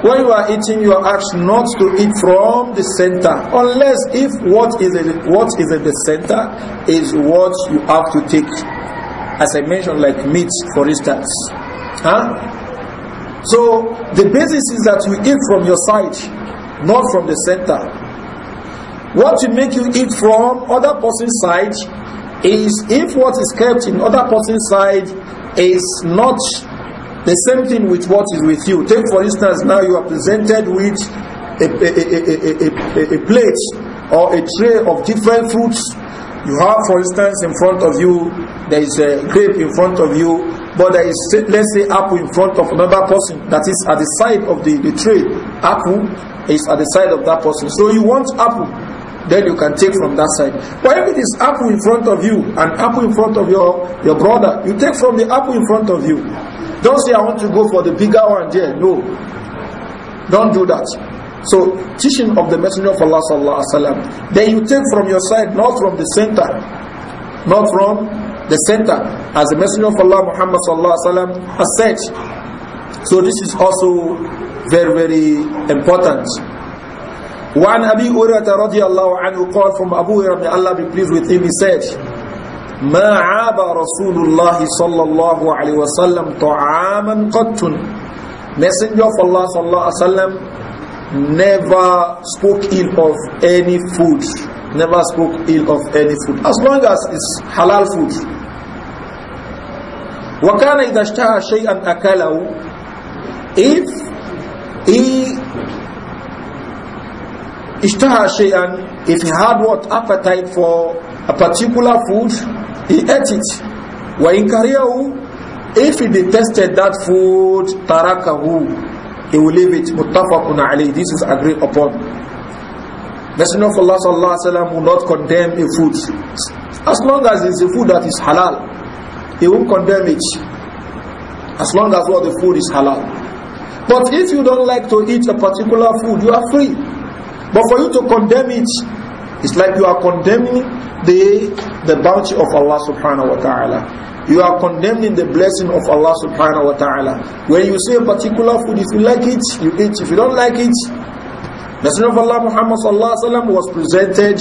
When you are eating, you are asked not to eat from the center, unless if what is a, what is at the center is what you have to take. As I mentioned, like meat, for instance. Huh? So the basis is that you eat from your side, not from the center. What will make you eat from other person's side is if what is kept in other person's side is not The same thing with what is with you. Take for instance, now you are presented with a, a, a, a, a plate or a tray of different fruits. You have, for instance, in front of you, there is a grape in front of you, but there is, let's say, apple in front of another person that is at the side of the, the tray. Apple is at the side of that person. So you want apple. then you can take from that side. But if it is apple in front of you and apple in front of your, your brother, you take from the apple in front of you. Don't say, I want to go for the bigger one there. No. Don't do that. So, teaching of the Messenger of Allah sallallahu alaihi wasallam. Then you take from your side, not from the center. Not from the center. As the Messenger of Allah Muhammad sallallahu alaihi wasallam has said. So this is also very, very important. وعن أبي هريرة رضي الله عنه قال from Abu هريرة may Allah be pleased with him he said ما عاب رسول الله صلى الله عليه وسلم طعاما قط Messenger of Allah صلى الله عليه وسلم never spoke ill of any food never spoke ill of any food as long as it's halal food وكان إذا اشتهى شيئا أكله if he if he had what appetite for a particular food, he ate it. وَإِنْ كَرِيَهُ If he detested that food, تَرَكَهُ He will leave it. مُتَّفَقٌ عَلَيْهِ This is agreed upon. Messenger of Allah sallallahu wa sallam will not condemn a food. As long as it's a food that is halal, he won't condemn it. As long as what the food is halal. But if you don't like to eat a particular food, you are free. But for you to condemn it, it's like you are condemning the, the bounty of Allah subhanahu wa ta'ala. You are condemning the blessing of Allah subhanahu wa ta'ala. When you say a particular food, if you like it, you eat. If you don't like it, the Messenger of Allah Muhammad sallallahu alayhi wa sallam was presented,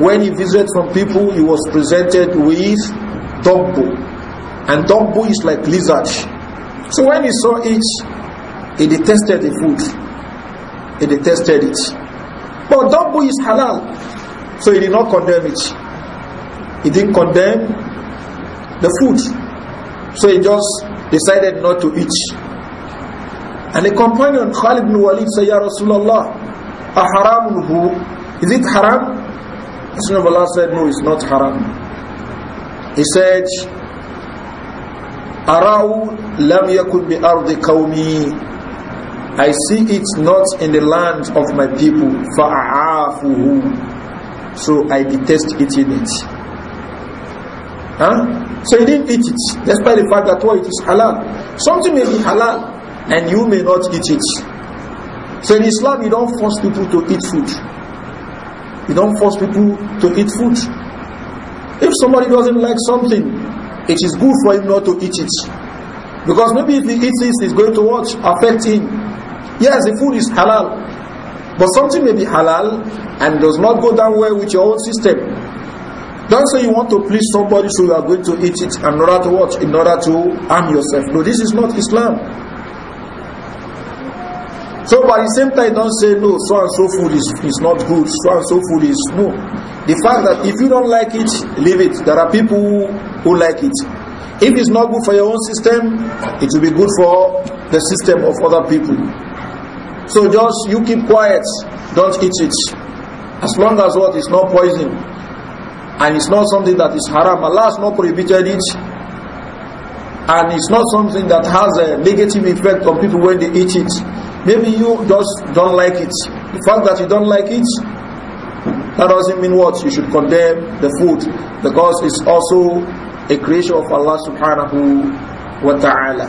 when he visited from people, he was presented with dogbo. And dogbo is like lizard. So when he saw it, he detested the food. He detested it. But double is halal. So he did not condemn it. He didn't condemn the food. So he just decided not to eat. And a companion, Khalid bin Walid, said, Ya Rasulullah, a haram Is it haram? Rasulullah of Allah said, no, it's not haram. He said, أراه لم يكن ardi kawmi." I see it not in the land of my people. فَأَعَافُهُ So I detest eating it. Huh? So he didn't eat it, despite the fact that why oh, it is halal. Something may be halal, and you may not eat it. So in Islam, you don't force people to eat food. You don't force people to eat food. If somebody doesn't like something, it is good for him not to eat it. Because maybe if he eats it, it's going to what? Affect him. Yes, the food is halal. But something may be halal and does not go down well with your own system. Don't say you want to please somebody so you are going to eat it in order to watch, in order to harm yourself. No, this is not Islam. So by the same time, don't say no, so and so food is, is not good, so and so food is no. The fact that if you don't like it, leave it. There are people who like it. If it's not good for your own system, it will be good for the system of other people. So just you keep quiet, don't eat it. As long as what is not poison and it's not something that is haram, Allah has not prohibited it and it's not something that has a negative effect on people when they eat it. Maybe you just don't like it. The fact that you don't like it, that doesn't mean what? You should condemn the food because it's also a creation of Allah subhanahu wa ta'ala.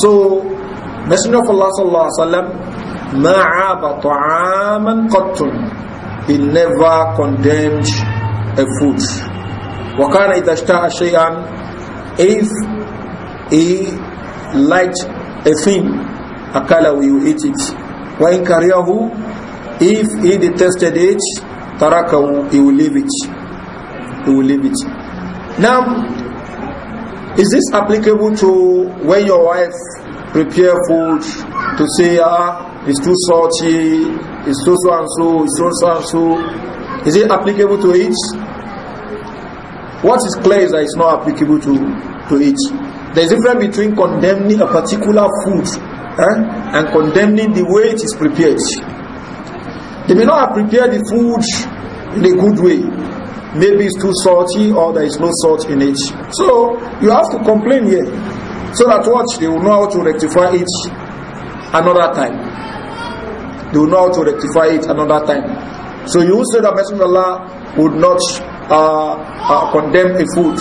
So, Messenger of Allah sallallahu he never condemned a food. وَكَانَ إِذَا اشْتَاءَ شَيْئًا If he liked a thing, أَكَلَهُ will eat it. وَإِنْ كَرِيَهُ If he detested it, تَرَكَهُ he will leave it. He will leave it. Now, is this applicable to when your wife prepare food to say, ah, is too salty, Is so so and so, Is so so and so. Is it applicable to it? What is clear is that it's not applicable to, to it. There's a difference between condemning a particular food eh, and condemning the way it is prepared. They may not have prepared the food in a good way. Maybe it's too salty or there is no salt in it. So you have to complain here. So that what? They will know how to rectify it another time. They will know how to rectify it another time. So you say that Messenger of Allah would not uh, uh, condemn a food.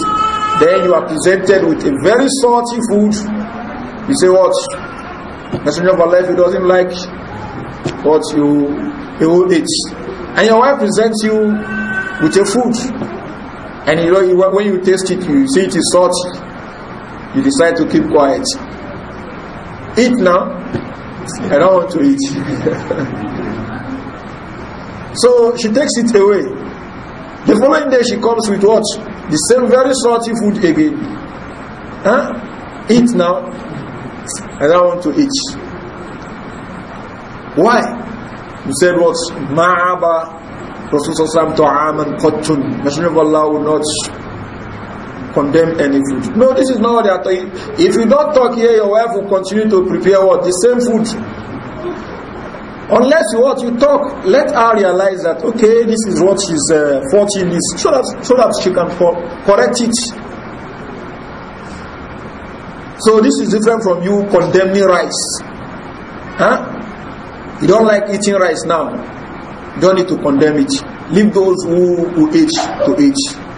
Then you are presented with a very salty food. You say what? Messenger of Allah, if he doesn't like what you, he will eat. And your wife presents you with a food. And you know, when you taste it, you see it is salty. You decide to keep quiet. Eat now. I don't want to eat. so she takes it away. The following day she comes with what? The same very salty food again. Huh? Eat now. I don't want to eat. Why? You said what? Ma'aba Rasulullah Sallallahu Alaihi Wasallam Messenger of Allah will not condemn any food. No, this is not what they are talking. If you don't talk here, your wife will continue to prepare what? The same food. Unless you what you talk, let her realize that okay, this is what she's uh, fortune is, so that she can correct it. So this is different from you condemning rice. Huh? You don't like eating rice now. You don't need to condemn it. Leave those who, who age to age.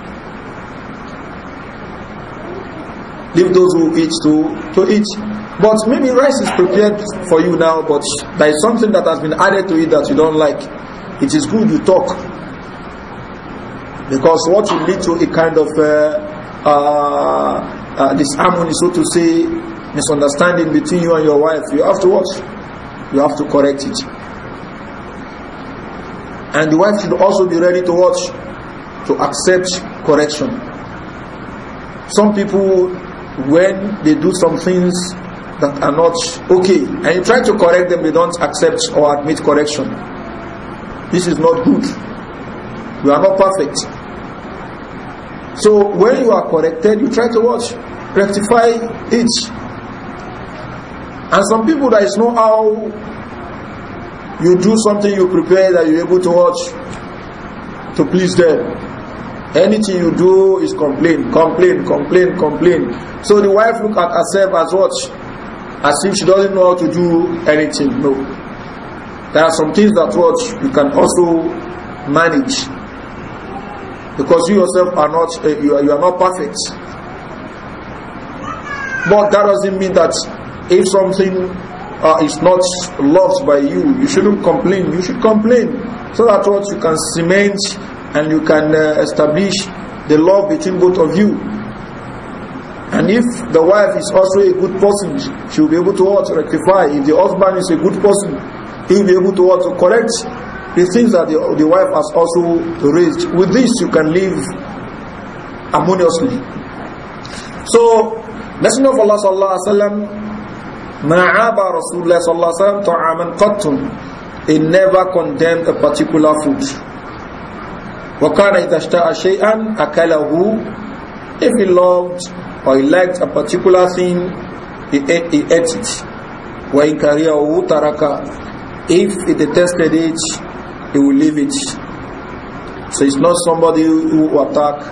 leave those who eat to, to eat. But maybe rice is prepared for you now, but there is something that has been added to it that you don't like. It is good you talk. Because what will lead to a kind of uh, uh, uh, disharmony, so to say, misunderstanding between you and your wife, you have to watch. You have to correct it. And the wife should also be ready to watch, to accept correction. Some people when they do some things that are not okay and you try to correct them they don't accept or admit correction this is not good we are not perfect so when you are corrected you try to watch rectify it and some people that is know how you do something you prepare that you're able to watch to please them Anything you do is complain, complain, complain, complain. So the wife look at herself as what? As if she doesn't know how to do anything. No. There are some things that what you can also manage. Because you yourself are not, uh, you, are, you are not perfect. But that doesn't mean that if something uh, is not loved by you, you shouldn't complain. You should complain so that what you can cement and you can uh, establish the love between both of you. And if the wife is also a good person, she will be able to what? Rectify. If the husband is a good person, he will be able to what? To correct the things that the, the wife has also raised. With this, you can live harmoniously. So, Messenger of Allah sallallahu wa wasallam, ma'aba Rasulullah sallallahu alaihi wasallam ta'aman qattun. He never condemned a particular food. وَكَانَ إِذَا اشْتَاءَ شَيْئًا أَكَلَهُ If he loved or he liked a particular thing, he ate, he ate it. وَإِنْ كَرِيَهُ تَرَكَ If he detested it, he will leave it. So it's not somebody who attack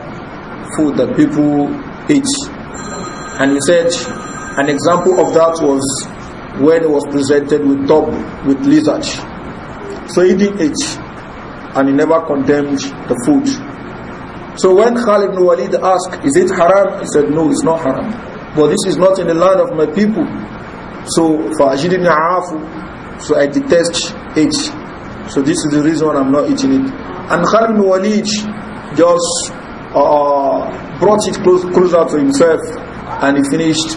food that people eat. And he said, an example of that was when it was presented with top with lizard. So he didn't eat and he never condemned the food. So when Khalid ibn Walid asked, is it haram? He said, no, it's not haram. But this is not in the land of my people. So, فَأَجِدِ ibn So I detest it. So this is the reason I'm not eating it. And Khalid ibn Walid just uh, brought it close, closer to himself and he finished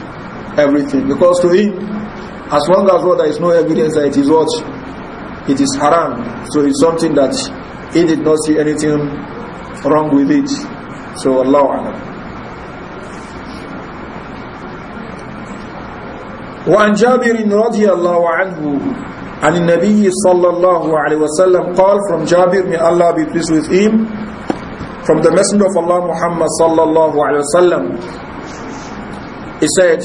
everything. Because to him, as long as what there is no evidence that it is what it is haram. So it's something that he did not see anything wrong with it. So Allah. وعن جابر رضي الله عنه عن النبي صلى الله عليه وسلم قال from Jabir may Allah be pleased with him from the messenger of Allah Muhammad صلى الله عليه وسلم he said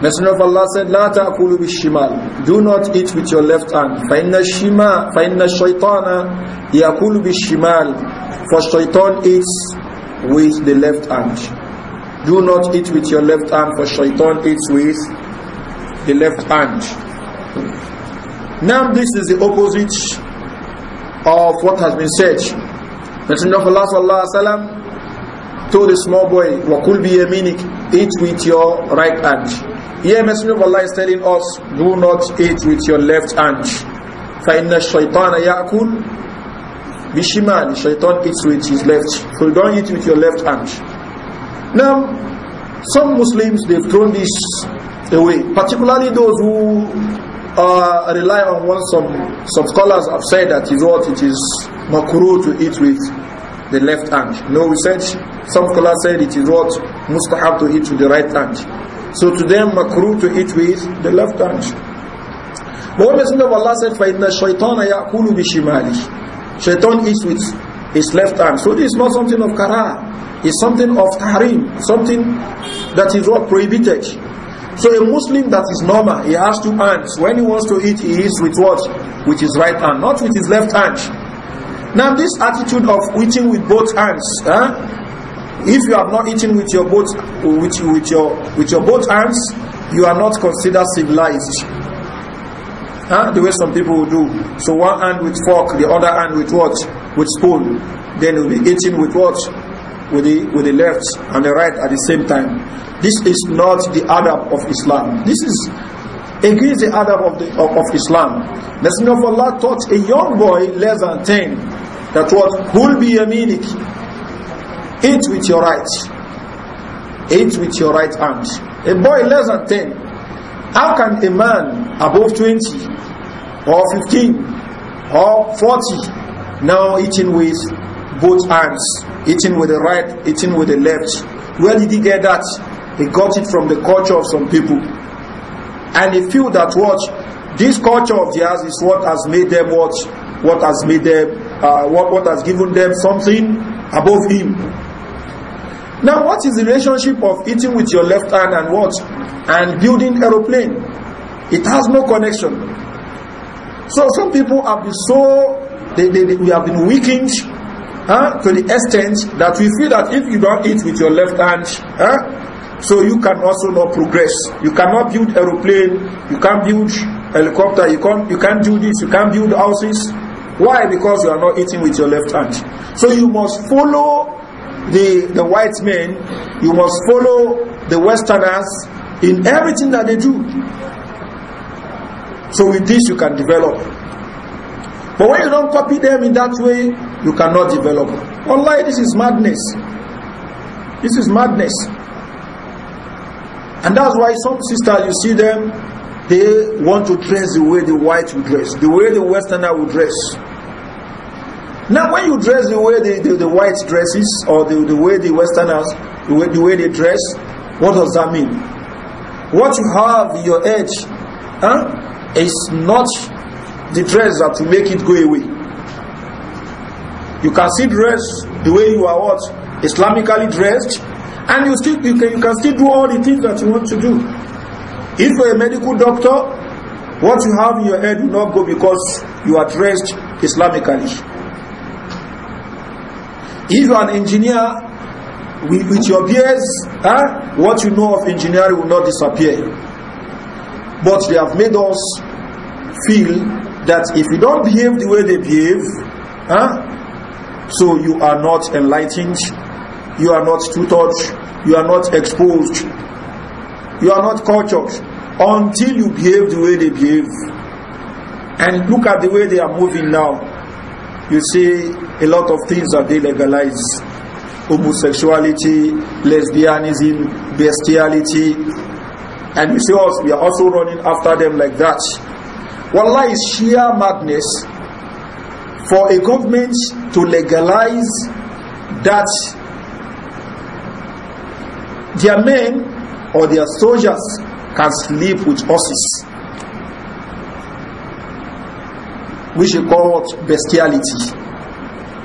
Messenger of Allah said, لا تأكلوا بالشمال. Do not eat with your left hand. فإن الشمال فإن الشيطان يأكل بالشمال. For shaitan eats with the left hand. Do not eat with your left hand, for shaitan eats with the left hand. Now this is the opposite of what has been said. Messenger of Allah sallallahu alaihi wasallam told the small boy, "Wakul bi yaminik, eat with your right hand." Here Messenger of Allah is telling us, do not eat with your left hand. فَإِنَّ الشَّيْطَانَ يَأْكُلْ بِشِمَالِ Shaitan eats with his left. So don't eat with your left hand. Now, some Muslims, they've thrown this away, particularly those who uh, rely on what some, some scholars have said that is what it is makruh to eat with the left hand. No, we said, some scholars said it is what mustahab to eat with the right hand. So to them, makruh to eat with the left hand. But when Messenger Allah said, فَإِنَّ الشَّيْطَانَ يَأْكُلُ بِشِمَالِهِ Shaitan eats with his left hand. So this is not something of kara; It's something of tahrim. Something that is what prohibited. So a Muslim that is normal, he has two hands. When he wants to eat, he eats with what? With his right hand, not with his left hand. Now this attitude of eating with both hands, if you have not eaten with your both with, with your with your both hands, you are not considered civilized. Huh? The way some people do. So one hand with fork, the other hand with what? With spoon. Then you'll be eating with what? With the with the left and the right at the same time. This is not the adab of Islam. This is against the adab of, the, of, of Islam. Messenger of Allah taught a young boy less than 10 that what? Who'll be a meaning? Eat with your right. Eat with your right hand. A boy less than 10. How can a man above 20 or 15 or 40 now eating with both hands? Eating with the right, eating with the left. Where did he get that? He got it from the culture of some people. And he feel that what? This culture of theirs is what has made them what? What has made them, uh, what, what has given them something above him. Now, what is the relationship of eating with your left hand and what? And building aeroplane. It has no connection. So some people have been so, they, they, they, we have been weakened huh, to the extent that we feel that if you don't eat with your left hand, huh, so you can also not progress. You cannot build aeroplane, you can't build helicopter, you can't, you can't do this, you can't build houses. Why? Because you are not eating with your left hand. So you must follow the, the white men, you must follow the Westerners in everything that they do. So with this you can develop. But when you don't copy them in that way, you cannot develop. Wallahi, this is madness. This is madness. And that's why some sisters, you see them, they want to dress the way the white will dress, the way the westerner will dress. Now, when you dress the way the, the, the dresses or the, the way the Westerners, the way, the way they dress, what does that mean? What you have in your edge huh, is not the dress that will make it go away. You can see dress the way you are what? Islamically dressed and you still you can, you can still do all the things that you want to do. If you're a medical doctor, what you have in your head will not go because you are dressed Islamically. If you are an engineer, with, your peers, eh, what you know of engineering will not disappear. But they have made us feel that if you don't behave the way they behave, eh, so you are not enlightened, you are not tutored, you are not exposed, you are not cultured until you behave the way they behave. And look at the way they are moving now you see a lot of things that they legalize homosexuality, lesbianism, bestiality, and you see us, we are also running after them like that. Wallah is sheer madness for a government to legalize that their men or their soldiers can sleep with horses. which they call bestiality.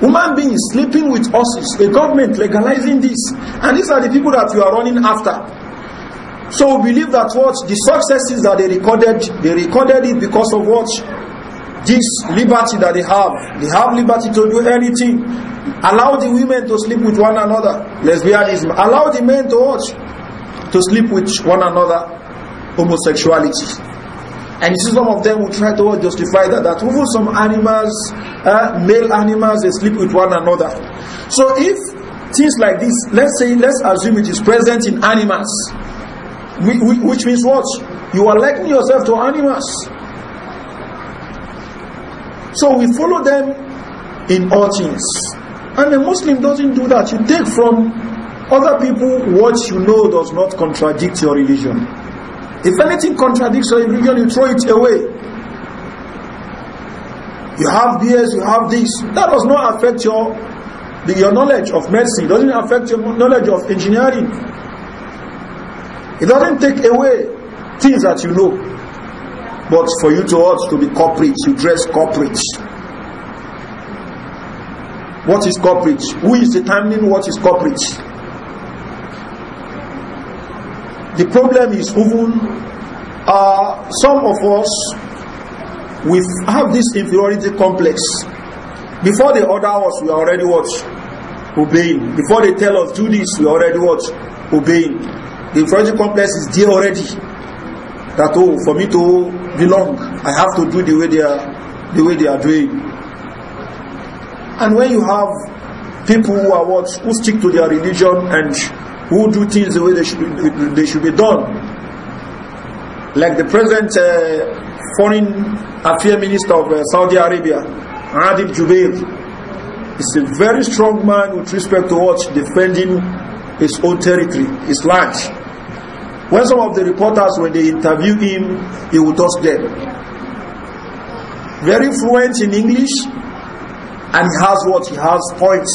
Human beings sleeping with horses, the government legalizing this. And these are the people that you are running after. So we believe that what the successes that they recorded, they recorded it because of what this liberty that they have. They have liberty to do anything. Allow the women to sleep with one another. Lesbianism. Allow the men to watch to sleep with one another. Homosexuality. And some of them will try to justify that, that even some animals, uh, male animals, they sleep with one another. So if things like this, let's say, let's assume it is present in animals, which means what? You are likening yourself to animals. So we follow them in all things. And a Muslim doesn't do that. You take from other people what you know does not contradict your religion. If anything contradicts your religion, you throw it away. You have this, you have this. That does not affect your your knowledge of medicine. It doesn't affect your knowledge of engineering. It doesn't take away things that you know. But for you to us to be corporate, you dress corporate. What is corporate? Who is determining what is corporate? The problem is even uh, some of us we have this inferiority complex. Before they order us, we are already what? Obeying. Before they tell us do this, we are already what? Obeying. The inferiority complex is there already. That oh, for me to belong, I have to do the way they are, the way they are doing. And when you have people who are what, who stick to their religion and who do things the way they should, be, they should be done. Like the present uh, foreign affairs minister of uh, Saudi Arabia, Adib Jubair, is a very strong man with respect to what defending his own territory, his land. When some of the reporters, when they interview him, he will talk them. Very fluent in English, and he has what? He has points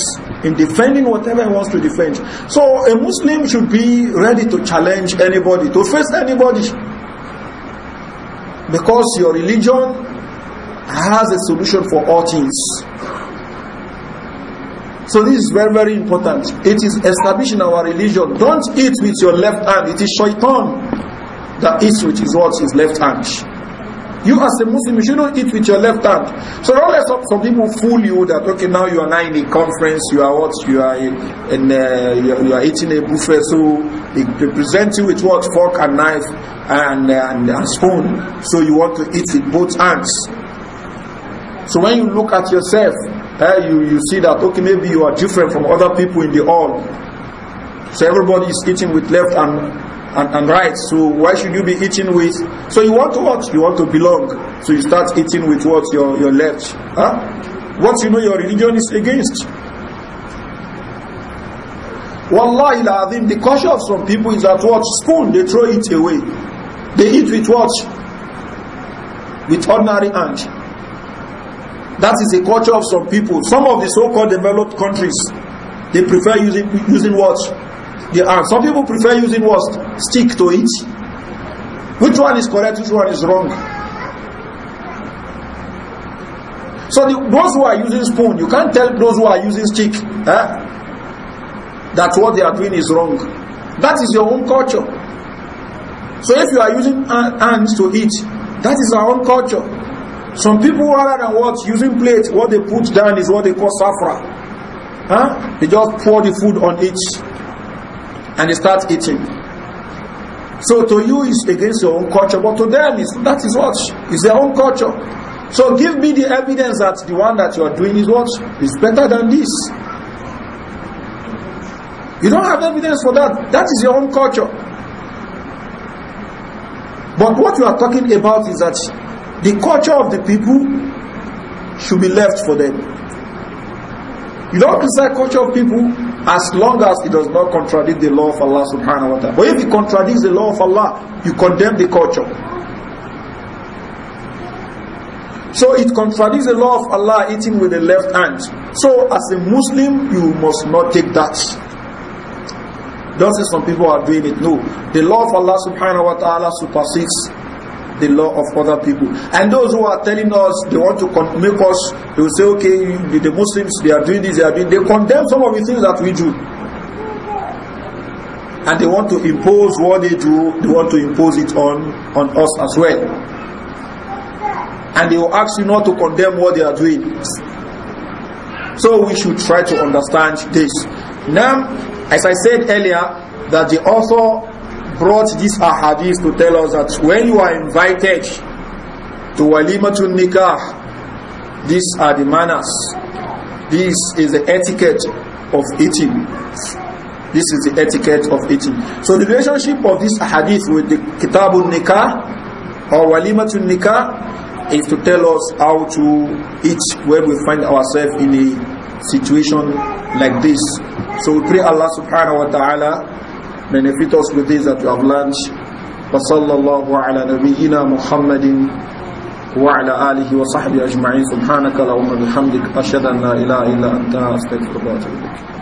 in defending whatever he wants to defend. So a Muslim should be ready to challenge anybody, to face anybody. Because your religion has a solution for all things. So this is very, very important. It is established in our religion. Don't eat with your left hand. It is shaitan that eats with his what? His left hand. You as a Muslim, you shouldn't eat with your left hand. So don't let some, some people fool you that, okay, now you are now in a conference, you are what, you are in, in uh, you, are, you, are, eating a buffet, so they, present you with what, fork and knife and, and, spoon. So you want to eat with both hands. So when you look at yourself, eh, you, you see that, okay, maybe you are different from other people in the hall. So everybody is eating with left hand and, and right. So why should you be eating with? So you want to what? You want to belong. So you start eating with what? Your, your left. Huh? What you know your religion is against. Wallahi la'adhim, the culture of some people is that what? Spoon, they throw it away. They eat with what? With ordinary hand. That is the culture of some people. Some of the so-called developed countries, they prefer using, using what? the arm. Some people prefer using what? Stick to it. Which one is correct, which one is wrong? So the, those who are using spoon, you can't tell those who are using stick eh, that what they are doing is wrong. That is your own culture. So if you are using hands to eat, that is our own culture. Some people rather than what using plate, what they put down is what they call safra. Huh? They just pour the food on each. and they start eating. So to you it's against your own culture, but to them that is what is their own culture. So give me the evidence that the one that you are doing is what is better than this. You don't have evidence for that. That is your own culture. But what you are talking about is that the culture of the people should be left for them. You don't criticize culture of people as long as it does not contradict the law of Allah subhanahu wa ta'ala. But if it contradicts the law of Allah, you condemn the culture. So it contradicts the law of Allah eating with the left hand. So as a Muslim, you must not take that. Don't say some people are doing it. No. The law of Allah subhanahu wa ta'ala supersedes the law of other people. And those who are telling us they want to make us, they will say, okay, the, the Muslims, they are doing this, they are doing, they condemn some of the things that we do. And they want to impose what they do, they want to impose it on, on us as well. And they will ask you not to condemn what they are doing. So we should try to understand this. Now, as I said earlier, that the author brought this ahadith to tell us that when you are invited to walimatun nikah, these are the manners. This is the etiquette of eating. This is the etiquette of eating. So the relationship of this hadith with the kitabun nikah or walimatun nikah is to tell us how to eat when we find ourselves in a situation like this. So we pray Allah subhanahu wa ta'ala benefit us with this that we have learned وصلى الله على نبينا محمد وعلى آله وصحبه أجمعين سبحانك اللهم بحمدك أشهد أن لا إله إلا أنت أستغفرك وأتوب